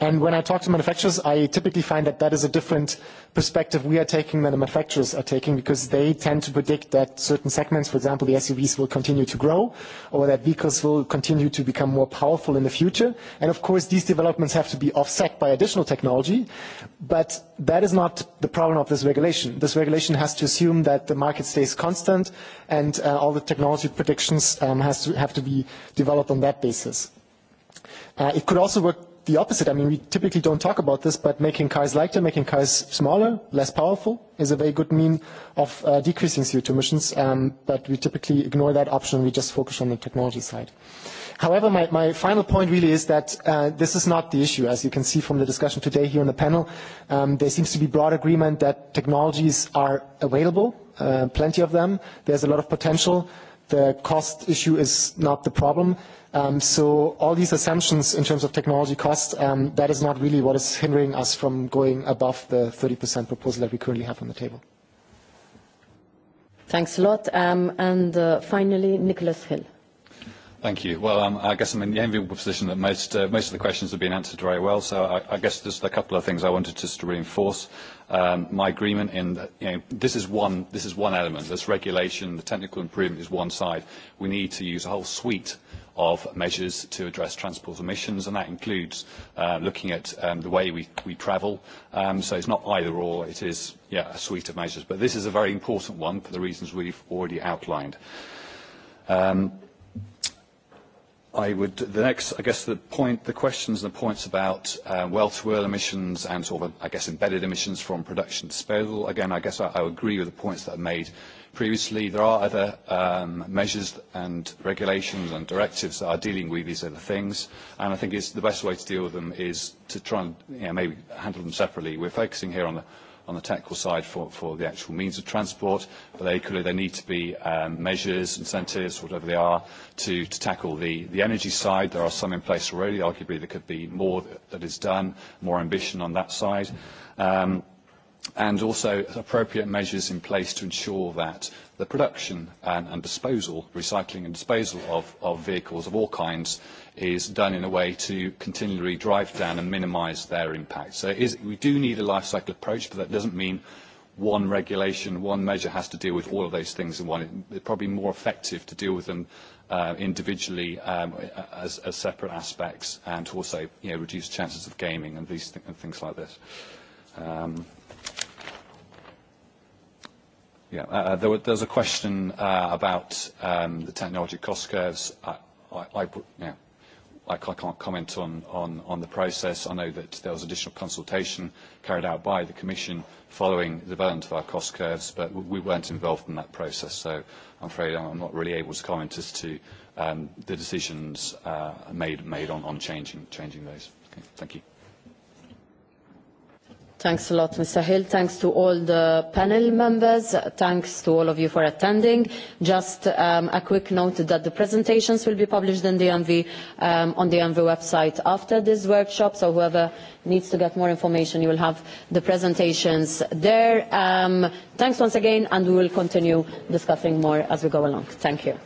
And when I talk to manufacturers, I typically find that that is a different perspective we are taking that the manufacturers are taking because they tend to predict that certain segments, for example, the SUVs will continue to grow or that vehicles will continue to become more powerful in the future. And of course, these developments have to be offset by additional technology. But that is not the problem of this regulation. This regulation has to assume that the market stays constant and all the technology predictions have to be developed on that basis. It could also work the opposite. I mean, we typically don't talk about this, but making cars lighter, making cars smaller, less powerful, is a very good mean of decreasing CO2 emissions. But we typically ignore that option. We just focus on the technology side. However, my final point really is that this is not the issue. As you can see from the discussion today here on the panel, there seems to be broad agreement that technologies are available, plenty of them. There's a lot of potential the cost issue is not the problem. So all these assumptions in terms of technology cost, that is not really what is hindering us from going above the 30% proposal that we currently have on the table. Thanks a lot. And finally, Nicholas Hill. Thank you. Well, I guess I'm in the enviable position that most most of the questions have been answered very well. So I I guess there's a couple of things I wanted just to reinforce my agreement in that, you know, this is one this is one element. This regulation, the technical improvement is one side. We need to use a whole suite of measures to address transport emissions, and that includes looking at the way we we travel. So it's not either or. It is, yeah, a suite of measures. But this is a very important one for the reasons we've already outlined. Um I would, the next, I guess the point, the questions and the points about well-to-well emissions and sort of, I guess, embedded emissions from production disposal. Again, I guess I agree with the points that are made previously. There are other measures and regulations and directives that are dealing with these other things, and I think the best way to deal with them is to try and maybe handle them separately. We're focusing here on the on the technical side for, for the actual means of transport, but equally there need to be measures, incentives, whatever they are, to, to tackle the, the energy side. There are some in place already. Arguably there could be more that is done, more ambition on that side. Um, and also appropriate measures in place to ensure that the production and disposal, recycling and disposal of vehicles of all kinds is done in a way to continually drive down and minimise their impact. So we do need a life cycle approach, but that doesn't mean one regulation, one measure has to deal with all of those things in one. It's probably more effective to deal with them individually as separate aspects and to also reduce chances of gaming and things like this. Yeah. There was a question about the technology cost curves. I can't comment on the process. I know that there was additional consultation carried out by the Commission following the development of our cost curves, but we weren't involved in that process, so I'm afraid I'm not really able to comment as to the decisions made on changing those. Thank you. Thanks a lot, Mr. Hill. Thanks to all the panel members. Thanks to all of you for attending. Just a quick note that the presentations will be published on the ENVI website after this workshop, so whoever needs to get more information, you will have the presentations there. Thanks once again, and we will continue discussing more as we go along. Thank you.